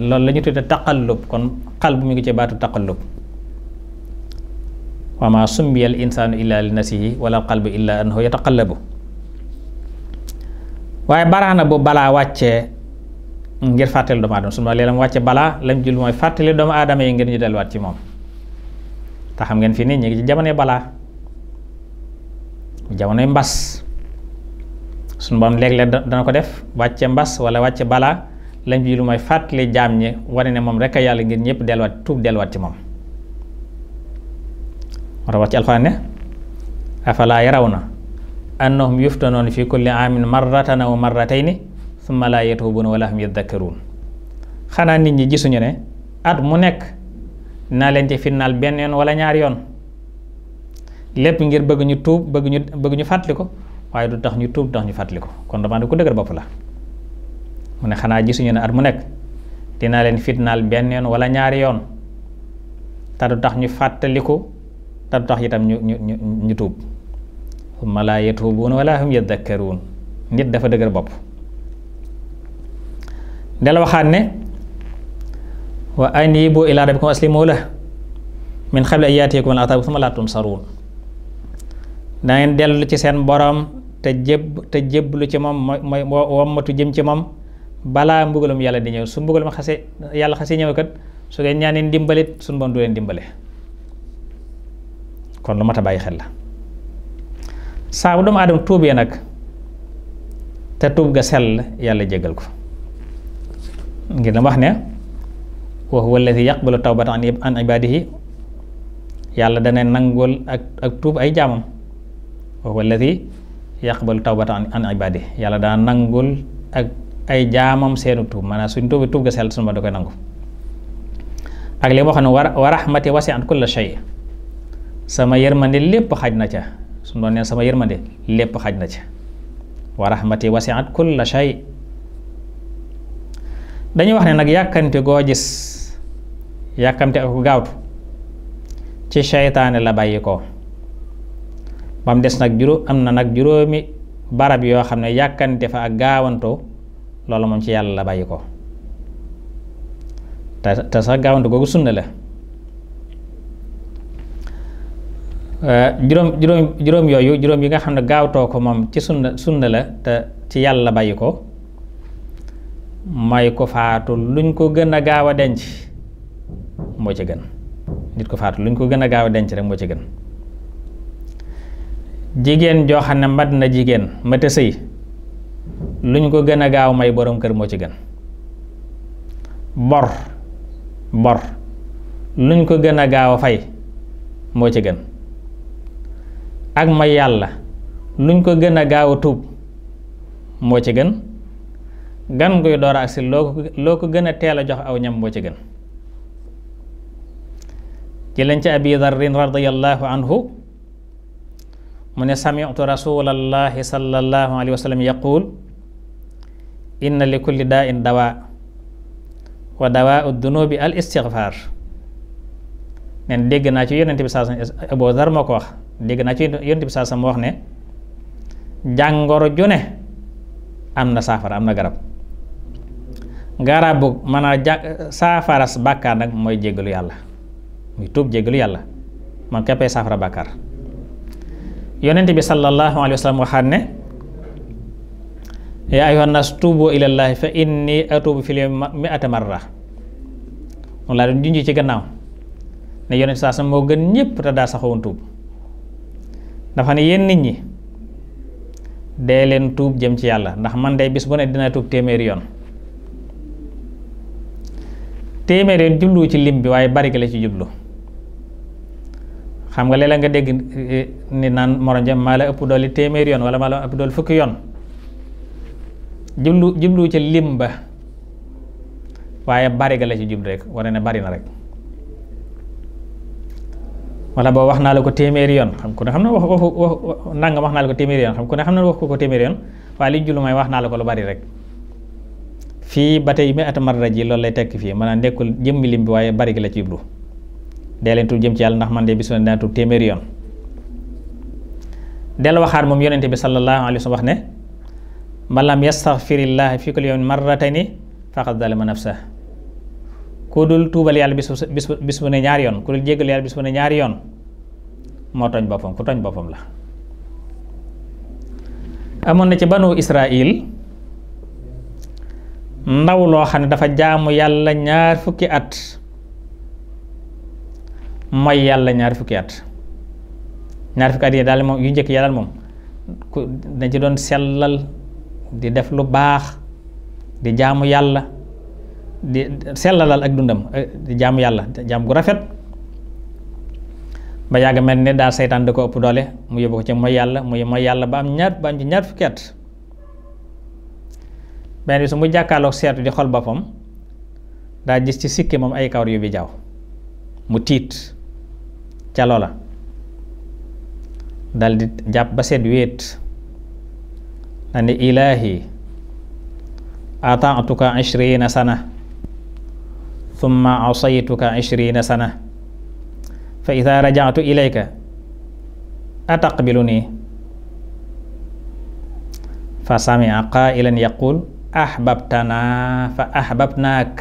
loolu la ñu tudde taqallub kon xal bu mu ngi ci baatu taqallub wa ma summiya al illa li nafsihi illa annahu yataqallabu waaye baraana bu balaa wàccee ngir fàttali doomu aadama su ma lee lam wàcce balaa lam jul mooy fàttali doomu aadama yi ngir ñu delluwaat ci moom te xam ngeen fii nii ñu ngi ci jamonoy balaa jamonoy mbas suñu borom léeg la dana ko def wàcce mbas wala wàcce balaa lañ bi lu may fàttali jaam ñi wane ne moom rek a yàlla ngir ñëpp delluwaat tuub delluwaat ci moom moo tax wax ci alxuraan ne afalaa yarawna annahum yuftanoon fi kulli amin marratan aw marratayni summa laa yatuubuuna wala hum yadakkaruun xanaa nit ñi gisuñu ne at mu nekk dinaa leen ci fitnaal benn yoon wala ñaari yoon lépp ngir bëgg ñu tuub bëgg ñu bëgg ñu fàttali ko waaye du tax ñu tuub du tax ñu fàttali ko dëgër bopp la ne xanaa gisuñu ne at mu nekk dinaa leen fitnaal benn wala ñaari yoon te tax ñu fàttaliku te du tax itam ñu ñu ñu ñu tuub summa laa yatuubuun wala hum yadakkaruun nit dafa dëgër bopp del waxaat ne wa anibu ilaa rabbikum aslimu la min qabli an yaatiyakum al-'adaabu thumma laa tunsaruun na ngeen dellu ci seen borom te jébb te jébblu ci moom mooy mooy wommatu jëm ci moom balaa mbugalum yàlla di ñëw su mbugalum xase yàlla xase ñëw kat su ngeen ñaanee ndimbalit suñu bon du leen dimbale kon lu ma a bàyyi xel la saa bu aadama tuubee nag te tuub ga sell yàlla jégal ko ngir dama wax ne wa huwa alladi yaqbalu tawbata an ibadihi yàlla dana nangul ak ak tuub ay jaamam wa huwa taw yaqbalu tawbata an ibadihi yàlla daa nangul ak ay jaamam seenu tuub maanaam suñ tuubi tuub ga sell suñu ma da koy nangu ak li ma wax ne wa rahmati wasi'at kulla shay sama yërmande lépp xaj na ca su doon sama yërmande lépp xaj na ca wax ne nag yàkkante goo yàkkamte ak gaawtu ci seytaane la bàyyi ko ba des nag juróom am na nag juróomi barab yoo xam ne yàkkante fa ak gaawantoo loolu moom ci yàlla la bàyyi ko te te sax gaawantu googu sunna la juróom juróom juróom yooyu juróom yi nga xam ne gaawtoo ko moom ci sunna sunna la te ci yàlla la bàyyi ko mooy ko faatu luñ ko gën a gaaw a denc moo ci gën nit ko faatu luñ ko gën a gaaw a denc rek moo ci gën jigéen joo xam ne mat na jigéen mata sëy luñ ko gën a gaaw may borom kër moo ci gën bor bor luñ ko gën a gaaw a fay moo ci gën ak may yàlla luñ ko gën a gaaw a tuub moo ci gën gan guy door ak si loo ko loo ko gën a teel a jox aw ñam moo ci gën jëleen ci abi darrin radiallahu anhu mu ne samitu rasulallahi sallallahu alayhi wa sallam inna li kulli daa in dawa wa dawa dunubi al istigfaar neen dégg naa ci yonent bi saasam Abu Dar ko wax dégg naa ci ne jàngoro ju ne am na saafara am na garab garabu mën a ja bàkkaar nag mooy jéggalu yàlla muy tuub jéggalu yàlla man képpay saafara bàkkaar yonent bi sallallahu alayhi wa sallam waxaat ne yaa ayyuhan naas tuubu ilallaahi fa inni atuubu fil yawmi mi'ata marra moom laa doon junj ci gannaaw ne yonent saa sam moo gën ñëpp te daa saxoon tuub dafa ne yéen nit ñi dee leen tuub jëm ci yàlla ndax man day bis bu ne dina tuub téeméeri yoon téeméeri yoon jubluwu ci lim bi waaye bari gi la ci jublu xam nga léeg-léeg nga dégg eh, ni naan moronjam maa la ëpp doole téeméer yoon wala maa la ëpp doole fukki yoon jublu jublu ca lim ba waaye bari ga la ci jub rek wane ne bari na rek wala boo wax naa la ko téeméeri yoon xam ku ne xam na wax wax wax naa la ko téeméeri yoon ne xam na wax ko ko téeméeri yoon waaye li jublu may wax naa la ko lu bari rek fii ba tey mi at marra ji loolu lay tekk fii maanaam nekkul jëmmi lim bi waaye bari gi la ci jublu dee jëm ci yàlla ndax man de bis na daan téeméeri yoon del waxaat moom yonente bi sallallahu alayhi wa wax ne man lam yastaxfirillaahi fi kulli yawmin marratayni faqad zalama nafsah ku dul tuubal yàlla bis bis bis ne ñaari yoon ku dul jéggal yàlla bis ne ñaari yoon moo tooñ boppam ku tooñ boppam la amoon na ci banu Israil ndaw loo xam ne dafa jaamu yàlla ñaar fukki at mooy yàlla ñaar fukki at ñaar fukki at yi daal moom yu njëkk yàlla moom ku dañ ci doon sellal di def lu baax di jaamu yàlla di sellalal ak dundam eh, di jaamu yàlla jaam gu rafet ba yàgg mel ne daal seytaan da ko ëpp doole mu yóbbu ko ci mooy yàlla muy mooy yàlla ba am ñaar ba am ci ñaar fukki at benn bi su mu jàkkaarloog seetu di xool boppam daa gis ci sikki moom ay kawar yu bi jaaw mu tiit ca loola daldi jàpp ba seet wéet na ni ilaahi ataatuka ishriina sana thumma asaytuka ishriina sana fa ida rajatu ilayka ataqbiluni fa samia qailan yaqul ahbabtana fa ahbabnaak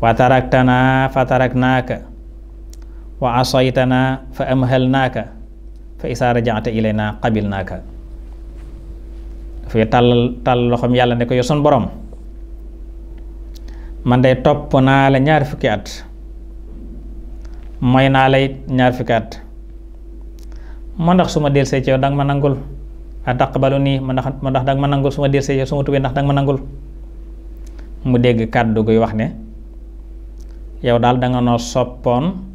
wa taraktana fa taraknaak wa asaytana fa amhalnaaka fa isaa rajaata ilaynaa qabilnaaka dafay tàllal tàll loxoom yàlla ne ko yow sun borom man day topp naa la ñaar fukki at mooy naa lay ñaar fukki at moo ndax su ma delsee ci yow danga ma nangul a taqbalu nii ma ndax ma ndax danga ma nangul su ma delsee ci yow su ma ndax danga ma nangul mu dégg kàddu guy wax ne yow daal danga noo soppoon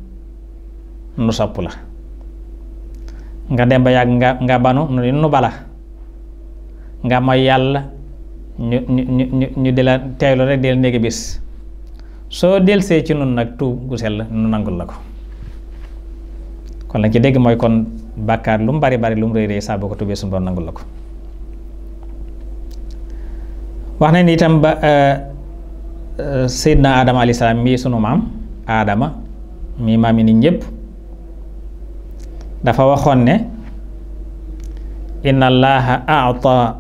nu sopp la nga dem ba yàgg nga nga banu nu nu bala nga may yàlla ñu ñu ñu ñu di la teeylu rek di la néegi bis soo delsee ci nun nag tuub gu sell la ko kon lañ ci dégg mooy kon bàkkaar lu bari bari lu mu réy réy saa boo la ko wax nañ ni itam ba euh, euh, Adama alayhi mii sunu maam aadama mii maam yi nit ñëpp dafa waxoon ne inna allaha aata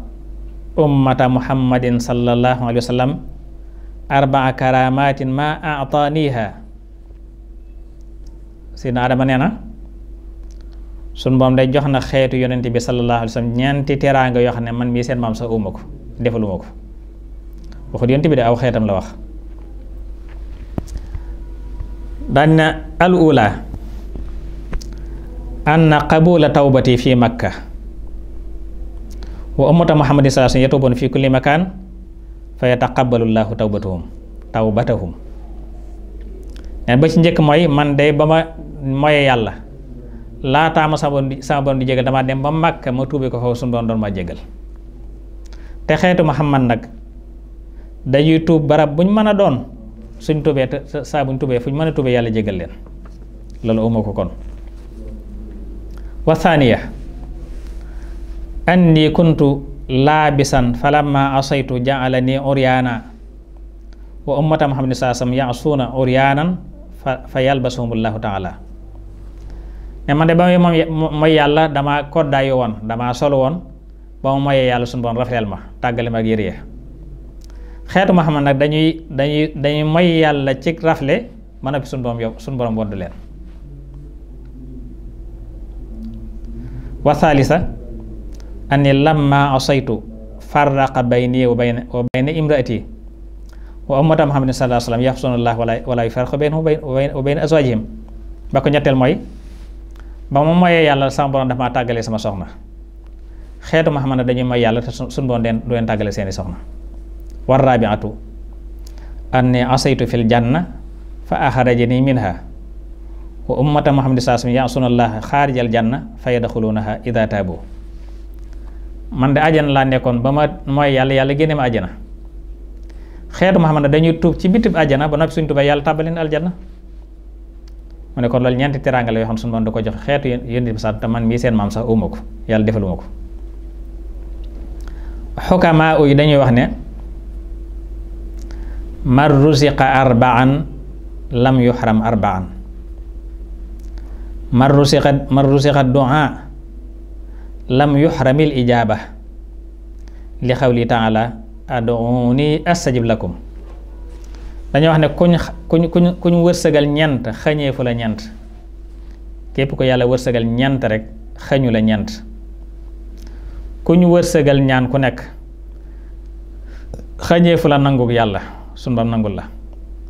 ummata muhammadin sallallahu alayhi wa sallam arbaa karamatin ma aataniha sidna adama nee na sun boom day jox na xeetu yonent bi sallallahu alayhi wa ñeenti teraanga yoo xam ne man mii seen maam sax uma ko defaluma ko waxut yonent bi de aw xeetam la wax daan na al ula anna qabula tawbati fi makka wa ummata muhammadin sallallahu alayhi yatubun fi kulli makan fa yataqabbalu llahu tawbatahum tawbatahum neen ba ci njëkk mooy man de ba ma moye yàlla laataa ma sama borom sama borom di jégal damaa dem ba makka ma tuube ko foofu suñ doon doon ma jégal te xeetu muhammad nag dañuy tuub barab buñ mën a doon suñ tuubee te saa buñ tuubee fuñ mën a tuubee yàlla jégal leen loolu uma ko kon wa thaniya anni kuntu laabisan falamma asaytu ja'alani uryana wa ummata muhammadin saa sam ya'suna uryanan fa fa yalbasuhumullahu ta'ala ne man de ba muy mooy yàlla dama koddaayu woon dama solu woon ba mu moyee yàlla sunu borom rafetal ma tàggale ma ak yére ya xeetu Muhammad nag dañuy dañuy dañuy moy yàlla ci rafle mën a fi sunu yow sunu borom wodd leen wa thalitha anni lamma asaytu farraqa bayni wa bayna wa bayna imraati wa ummata muhammadin sallallahu alayhi wa sallam yaxsunullah wala yufarriqu baynahum wa bayna azwajihim ba ko ñetteel mooy ba ma moyee yàlla sama borom dafa tàggalee sama soxna xeetu muhammad dañuy moy yàlla te suñu borom den du leen tàggale seeni soxna war rabi'atu anni asaytu fil janna fa axrajani minha wa ummata muhammad saa sum yaasuna allaha xaarijal janna fa yadxulunaha ida taabu man de ajana laa nekkoon ba ma mooy yàlla yàlla génne ma ajana xeetu muhammad dañuy tuub ci bitib ajana ba nag suñ tuubee yàlla tàbbalin aljanna mu ne kon loolu ñeenti teraanga la yoo xam suñu moom da ko jox xeetu yéen bi sax te man mii seen maam sax uma ko yàlla defaluma ko xukamaa uy dañuy wax ne man rusiqa arbaan lam yuxram arbaan man rusiqa man rusiqa du'a lam yuxramil ijaaba li xawli taala ad'uni astajib lakum dañuy wax ne kuñ kuñ kuñ kuñ wërsëgal ñent xañeefu la ñent képp ko yàlla wërsëgal ñent rek xañu la ñent kuñ wërsëgal ñaan ku nekk xañeefu la nanguk yàlla sun bam nangul la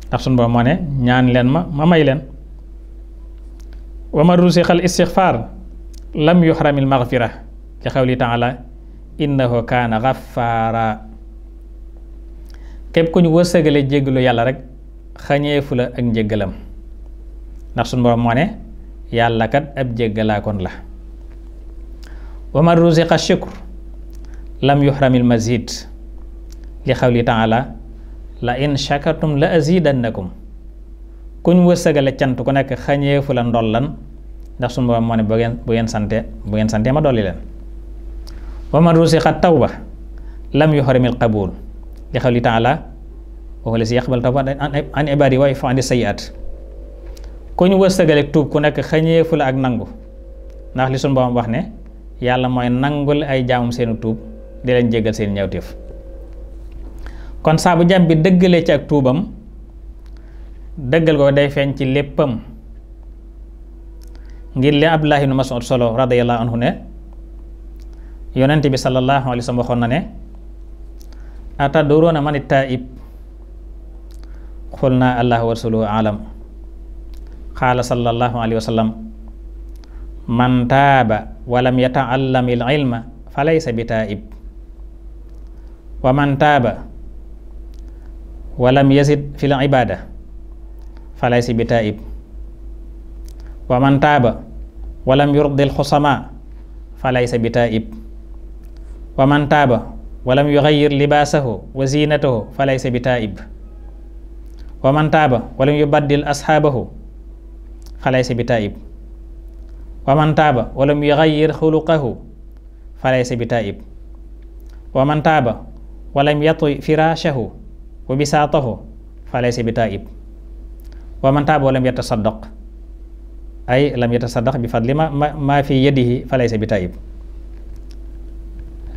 ndax sun bam moo ne ñaan leen ma may leen wa man rusiqa al istixfaar lam yuxramil maxfira ci xawli taala innahu kaana xaffaara képp ku ñu wërsëgale jéggalu yàlla rek xañeefu la ak njéggalam ndax suñu borom moo ne yàlla ab jéggalaakoon la wa man rusiqa shukr lam yuxramil mazid li xawli taala la in shakartum la azidannakum kuñ wërsëgale cant ku nekk xañeefu la ndollan ndax suñu boobaa moo ne bu ngeen bu ngeen sante bu ngeen sante ma dolli taw wa man rusixa tawba lam yuxrimil qabul li xawli taala wa huwa lazi yaqbalu tawba an ibadi wa yafu ani sayiat kuñ wërsëgale tuub ku nekk xañeefu la ak nangu ndax li suñu boobaa wax ne yàlla mooy nangul ay jaamum seenu tuub di leen jéggal seen ñawteef kon saa bu bi dëggalee ci ak tuubam dëggal ko day feeñ ci léppam ngir li Abdullah ibn Mas'ud solo radiyallahu anhu ne yonent bi sallallahu alayhi wa sallam waxoon na ne atadruuna mani taa'ib qulnaa Allahu wa rasuluhu a'lam qaala sallallahu wa sallam man taaba wa lam yata'allam al-'ilma falaysa bi taa'ib wa man taaba wa lam yazid fil ibaada falaysa bi taa'ib wa man taaba walam yurdil xusama falaysa bi taa'ib wa man taaba walam yuxayyir libaasahu wa ziinatahu falaysa bi taa'ib wa man taaba walam yubaddil asxaabahu falaysa bi taa'ib wa man taaba walam yuxayyir xuluqahu falaysa bi taa'ib wa man taaba walam yatuy firaashahu wa bisaatahu falaysa bi taa'ib wa man taaba lam yatasaddaq ay lam yatasaddaq bi fadli ma ma fi yadihi fa laysa bi tayyib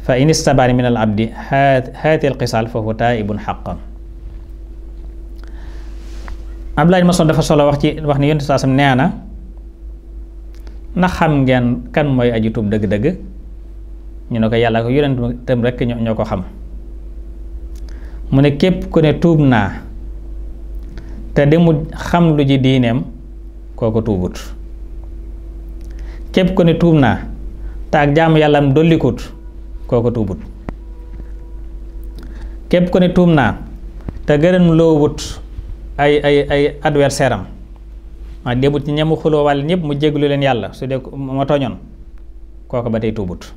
fa in istabaani min al abdi haati al qisaal fa huwa taa'ibun haqqan Abdullah ibn Mas'ud dafa solo wax ci wax ni yonent saasam nee na ndax xam ngeen kan mooy aji tuub dëgg-dëgg ñu ne ko yàlla ko yonentam rekk ñoo ko xam mu ne képp ku ne tuub naa te demul xam lu ji diineem kooku tuubut képp ku ne tuub naa te ak jaamu yàllam dollikut kooku tuubut képp ku ne tuub naa te gërëm loowut ay ay ay adversaire am ma demut ci ñamu xuloo wàll ñëpp mu jéglu leen yàlla su dee ma tooñoon kooku ba tey tuubut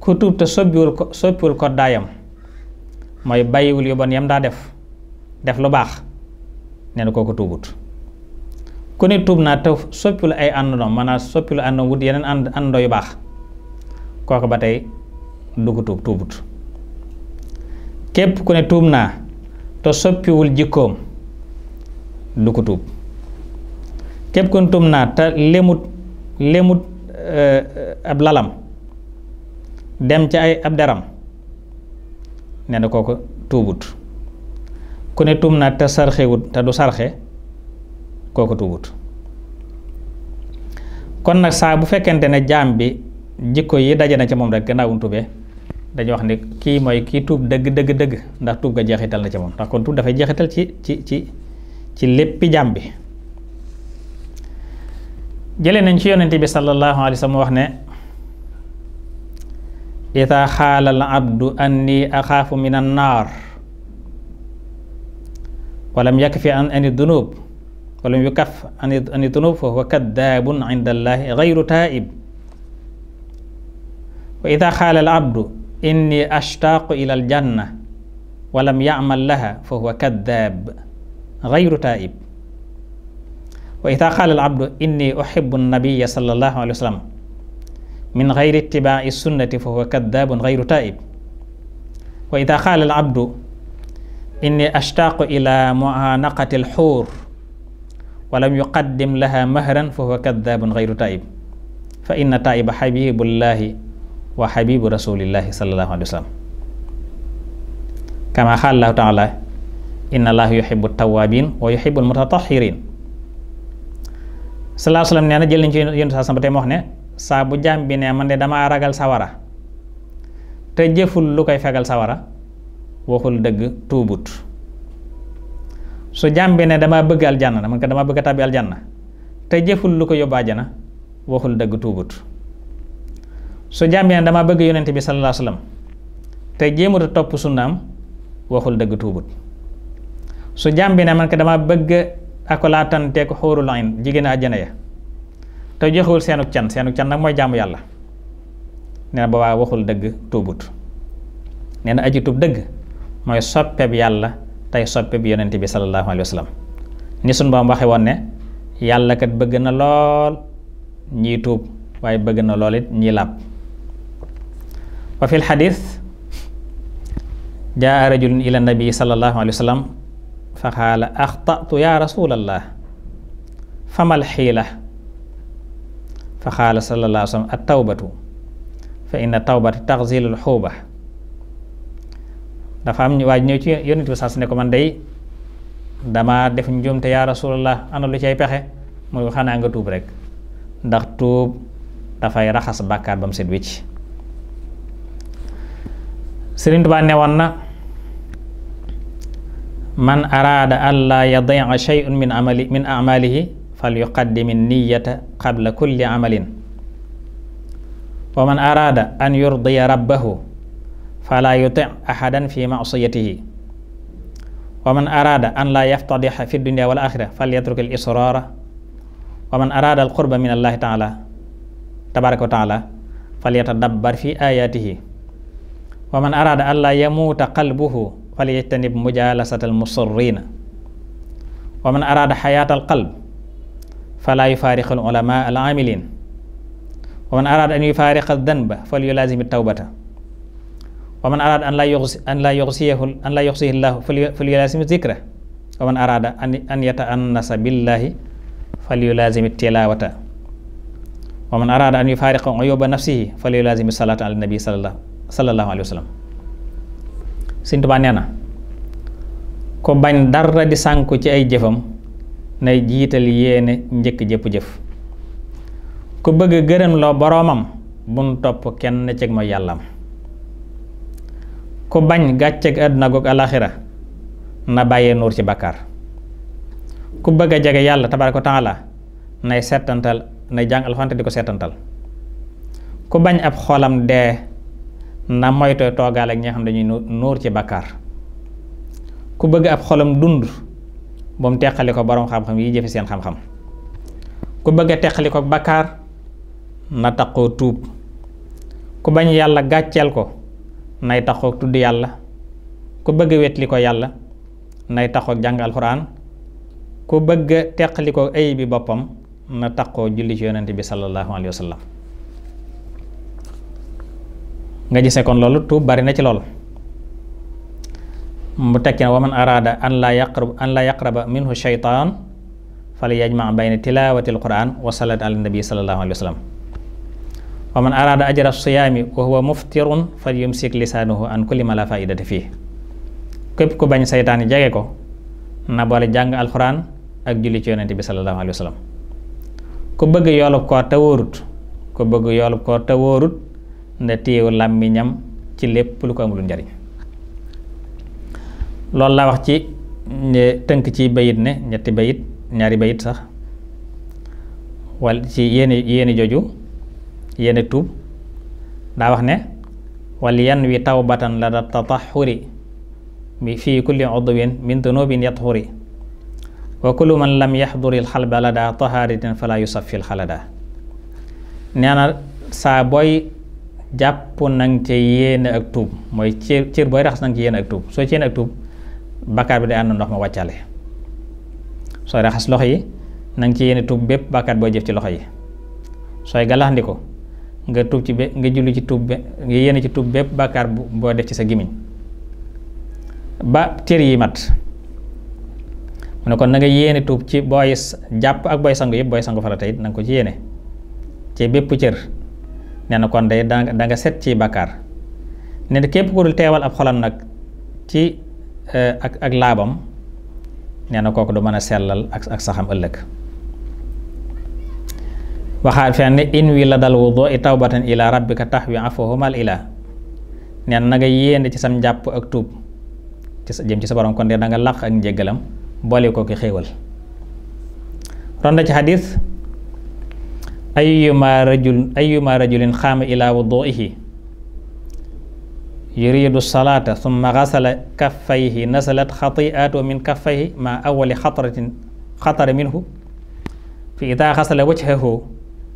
ku tuub te soppiwul ko soppiwul ko daayam mooy bàyyiwul yu bon yam daa def def lu baax nee na kooku tuubut ku ne tuub naa te soppilu ay àndoom maanaam soppilu àndoom wut ànd àndoo yu baax kooku ba tey dugg tuub tuubut képp ku ne tuub naa te soppiwul jikkoom du ko tuub képp ku ne tuub naa te lemut lemut eh, ab lalam dem ca ay ab daram nee na kooku tuubut ku ne tuum naat te sarxewut te du sarxe kooku tuubut kon nag saa bu fekkente ne jaam bi jikko yi daje na ci moom rek gannaaw mu tubee wax ne kii mooy kii tuub dëgg dëgg dëgg ndax tuub ga jeexital na ci moom ndax kon tuub dafay jeexital ci ci ci ci léppi jaam bi jële nañ ci yonente bi sallallahu alayhi wa wax ne ita xaalal abdu anni axaafu min an naar walam yakfi an ani dunub walam yukaf ani dunub fa huwa kaddaabun inda allahi gayru taaib wa ida xaala al abdu inni ashtaaqu ila al janna walam yacmal laha fa huwa kaddaab gayru taaib wa ida qaala al abdu inni uxibu nabiya sallallahu alayhi wa sallam min gayri itibaaci sunnati fa huwa kaddaabun gayru taaib wa ida qaala al abdu inni ashtaqu ila muanaqati alxuur walam yuqaddim laha mahran fa huwa kadabun gayru taib fa inna taiba xabibullahi wa xabibu rasulillahi salallahu alai wa sallam kama qaala allahu taala inna allaha yuxibu tawabin wa yuxibu almutatahirin salaa salaam nee na jël nañ ci yontu saa samba tey wax ne saa bu jaam bi ne man de damaa ragal sawara te jëful lu koy fegal sawara waxul dëgg tuubut su jaam bi ne dama bëgg aljanna man ko dama bëgg a tàbbi aljanna te jëful lu ko yóbbu àjjana waxul dëgg tuubut su jaam bi ne dama bëgg yonent bi sallallahu alayhi wasallam te jéemut a topp sunnaam dëgg tuubut su jaam bi ne ko dama bëgg akolaatanteeg xóorul ayn ya te joxewul seenuk can seenuk can nag mooy jaamu yàlla nee na boobaa waxul dëgg tuubut nee na aji dëgg mooy soppeb yàlla tey soppeb yonent bi sallallahu alayhi wa sallam ni suñ boom waxe woon ne yàlla kat bëgg na lool ñii tuub waaye bëgg na lool it ñii làpp wa fil xadis jaa rajulun ila nabi sallallahu alayhi wa sallam fa xaala axtatu ya rasulallah famal xiila fa xaala sallallahu alayhi wa sallam at tawbatu fa inna tawbata taxzilul xuuba dafa am waa ji ñëw ci yonent bi sax ne ko man day dama def njuumte yaa rasulallah ana lu cay pexe mu ne xanaa nga tuub rek ndax tuub dafay raxas bàkkaar ba mu set wecc Sëriñ Tuubaa ne woon na man araada an laa yadia shay'un min amali min amalihi fal yuqaddimi niyata qabla kulli amalin wa man araada an yurdiya rabbahu fala yuti ahadan fi masiyatihi wa man araada an laa yaftadixa fi dunia wal axira falyatruk al israara wa man araada al qurba min allahi taala tabaraka wa taala falyatadabbar fi ayatihi wa man araada an laa yamuuta qalbuhu falyajtanib mujalasata al musirrina wa man araada xayaata al qalb fala yufaariqa al ulama al amilin wa man araada an yufaariqa al danba falyulaazim tawbata wa man araada an laa yox an laa yoxsiyahu an laa yoxsihi llaahu falyulaazim zikra wa man araada an yataannasa billaahi falyulaazim tilaawata wa man araada an yufaariqa uyuba nafsihi falyulaazim salaata ala nabi sallallahu alayhi wa sallam Sëñ Tuubaa bañ dara di sànku ci ay jëfam nay jiital yéene njëkk jëpp jëf ku bëgg gërëm loo boroomam bu nu topp kenn ceg mooy yàllam ku bañ gàcceeg àdduna goog alaxira na bàyyee nuur ci bakkaar ku bëgg a jege yàlla tabaaraka wa taala nay seetantal nay jàng di ko seetantal ku bañ ab xoolam dee na moytoo toogaale ak ñi nga xam dañuy nuur ci bakkaar ku bëgg ab xolam dund ba mu teqali ko boroom xam-xam yi jëfe seen xam-xam ku bëgg a teqali ko bakkaar na taqoo tuub ku bañ yàlla gàcceel ko nay taxoog tudd yàlla ku bëgg a wetli ko yàlla nay taxoog jàng alxuraan ku bëgg a teqali ko ay bi boppam na taxoo julli ci bi sallallahu alayhi wa sallam nga gisee kon loolu tuub bari na ci lool mu tekki na wa man araada an la yaqrab an la yaqraba minhu shaytaan fal yajma bayna tilaawati alquran wa salaat ala nabi sallallahu alayhi wa wa man araada ajra siyaami wa huwa muftirun fal yumsik lisaanuhu an kulli ma la faidata fii képp ku bañ saytaan jege ko na boole jàng alxuraan ak julli ci yonente bi sallallahu alayhi wa ku bëgg yoolub koor te wóorut ku bëgg yoolub koor te wóorut nda téyewu làmmiñam ci lépp lu ko amul njariñ loolu la wax ci tënk ci bayit ne ñetti bayit ñaari bayit sax wal ci yéeni yéeni joju yéene tuub daa wax ne wal yan wi batan la da tataxuri bi fii kulli udwin min dunubin yatxuri wa kullu man lam yaxduril xalba la daa tahaaritin fala yusaffil xalada nee na saa booy jàpp nang ak tuub mooy cër cër booy raxas nang ci yéene ak tuub soo ci yéene ak tuub bakkaar bi day ànd ndox ma wàccale sooy raxas loxo yi nang ci yéene tuub bépp bakkaar booy jëf ci loxo yi sooy galaxndiku nga tuub ci be nga julli ci tuub be nga yéene ci tuub bépp bàkkaar bu boo def ci sa gimiñ ba tér yi mat mu ne kon na nga yéene tuub ci booy jàpp ak booy sangu yëpp booy sangu farata it na nga ko ci yéene ci bépp cër nee na kon day da nga set ci bàkkaar ne képp ku dul teewal ab xolam nag ci eh, ak ak laabam nee na kooku du mën a sellal ak ak saxam ëllëg waxaat fenn in wi la dal wudu i tawbatan ila rabbika tax wi afohumal ila neen na nga yéene ci sam njàpp ak tuub ci sa jëm ci sa borom kon de da nga làq ak njéggalam boole ko xéewal ronda ci xadis ayuma rajul xaama ila wuduihi yuridu salaata summa gasala kaffayhi nasalat xati'aatu min kaffayhi ma awali xataratin xatara minhu fi idaa gasala wajhahu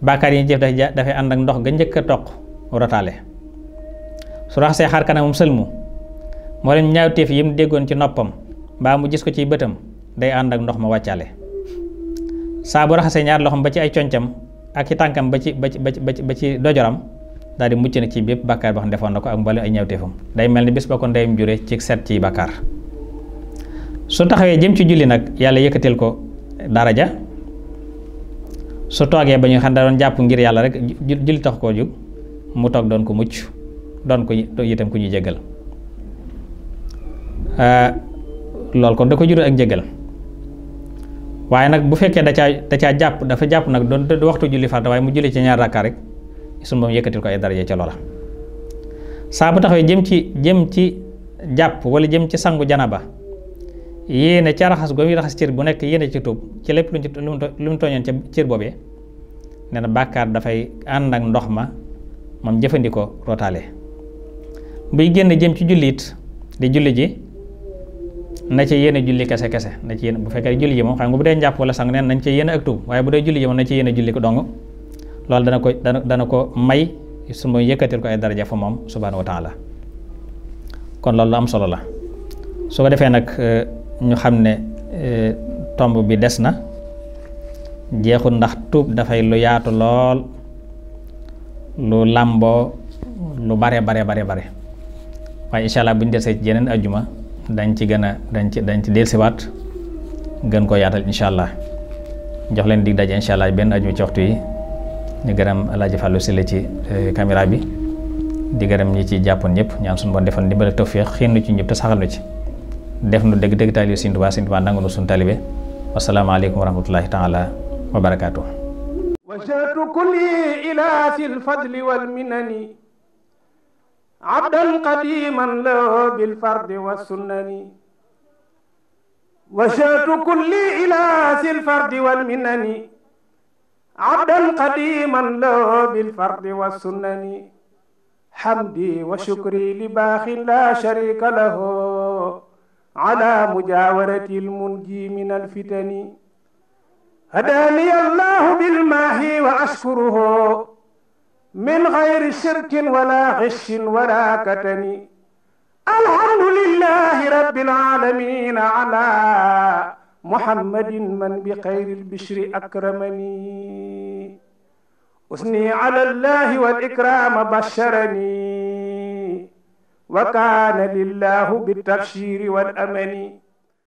bàkkaar yi ñu jëf dafay dafay ànd ak ndox ga njëkk a toq rotaale su raxasee xar kanamam sëlmu moo leen ñaawteef yi mu déggoon ci noppam mbaa mu gis ko ci bëtam day ànd ak ndox ma wàccaale saa bu raxasee ñaar loxoom ba ci ay concam ak ci tànkam ba ci ba ci ba ci dojoram daal di mucc na ci bépp bàkkaar ba xam defoon na ko ak mbalim ay ñaawteefam day mel ni bis ba ko ndeyam jure ci set ci bàkkaar su taxawee jëm ci julli nag yàlla yëkkatil ko daraja su toogee ba ñu xam da doon jàpp ngir yàlla rek julli tax koo jóg mu toog doon ko mucc doon ko itam ku ñu jéggal loolu kon da ko jural ak njëgal waaye nag bu fekkee da caa da caa jàpp dafa jàpp nag doon du waxtu julli farata waaye mu julli ci ñaar rakkaa rek sunu moom yëkkatil ko ay daraja ca loola saa bu taxawee jëm ci jëm ci jàpp walla jëm ci sangu ba yéene ca raxas go muy raxas cër bu nekk yéene ci tuub ci lépp lu lu mu tooñoon ca cër boobee nee na bàkkaar dafay ànd ak ndox ma moom jëfandikoo rootaale buy génn jëm ci jullit di julli ji na ci yéene julli kese kese na ci yéene bu fekkee julli ji moom xam nga bu dee njàpp wala sang neen nañ ci yéene ak tuub waaye bu dee julli ji moom na ci yéene julli dong loolu dana ko dana dana ko may su ma yëkkatil ko ay daraja fa moom subhaanahu wa taala kon loolu am solo la ñu xam ne e, tomb bi des na jeexul ndax tuub dafay lu yaatu lool lu làmboo lu bare bare bare bare waaye incha allah bu ñu desee ci yeneen ajjuma dañ ci gën a dañ ci dañ ci delsiwaat gën koo yaatal incha allah jox leen dig daje incha allah benn ajjuma ci waxtu yi ñu gërëm El Hadj si Sylla ci e, caméra bi di gërëm ñi ci jàppoon ñëpp ñaan suñu bon defal ndimbal tawfiq xiin nu ci ñëpp te saxal nu ci def nu dëgg dëgg taalibe Sëriñ Tuubaa Sëriñ Tuubaa nangu nu sunu taalibe wa rahmatullahi taala wa barakaatuh wajjahtu kulli ilaa sil fadli wal minani abdan qadiman lahu bil fardi hamdi wa shukri li baaxin la sharika lahu على مجاورة المنجي من الفتن هداني الله بالماهي وأشكره من غير شرك ولا غش ولا كتم الحمد لله رب العالمين على محمد من بخير البشر أكرمني أثني على الله والإكرام بشرني wa kaana lillahu bi tafsiri wal amani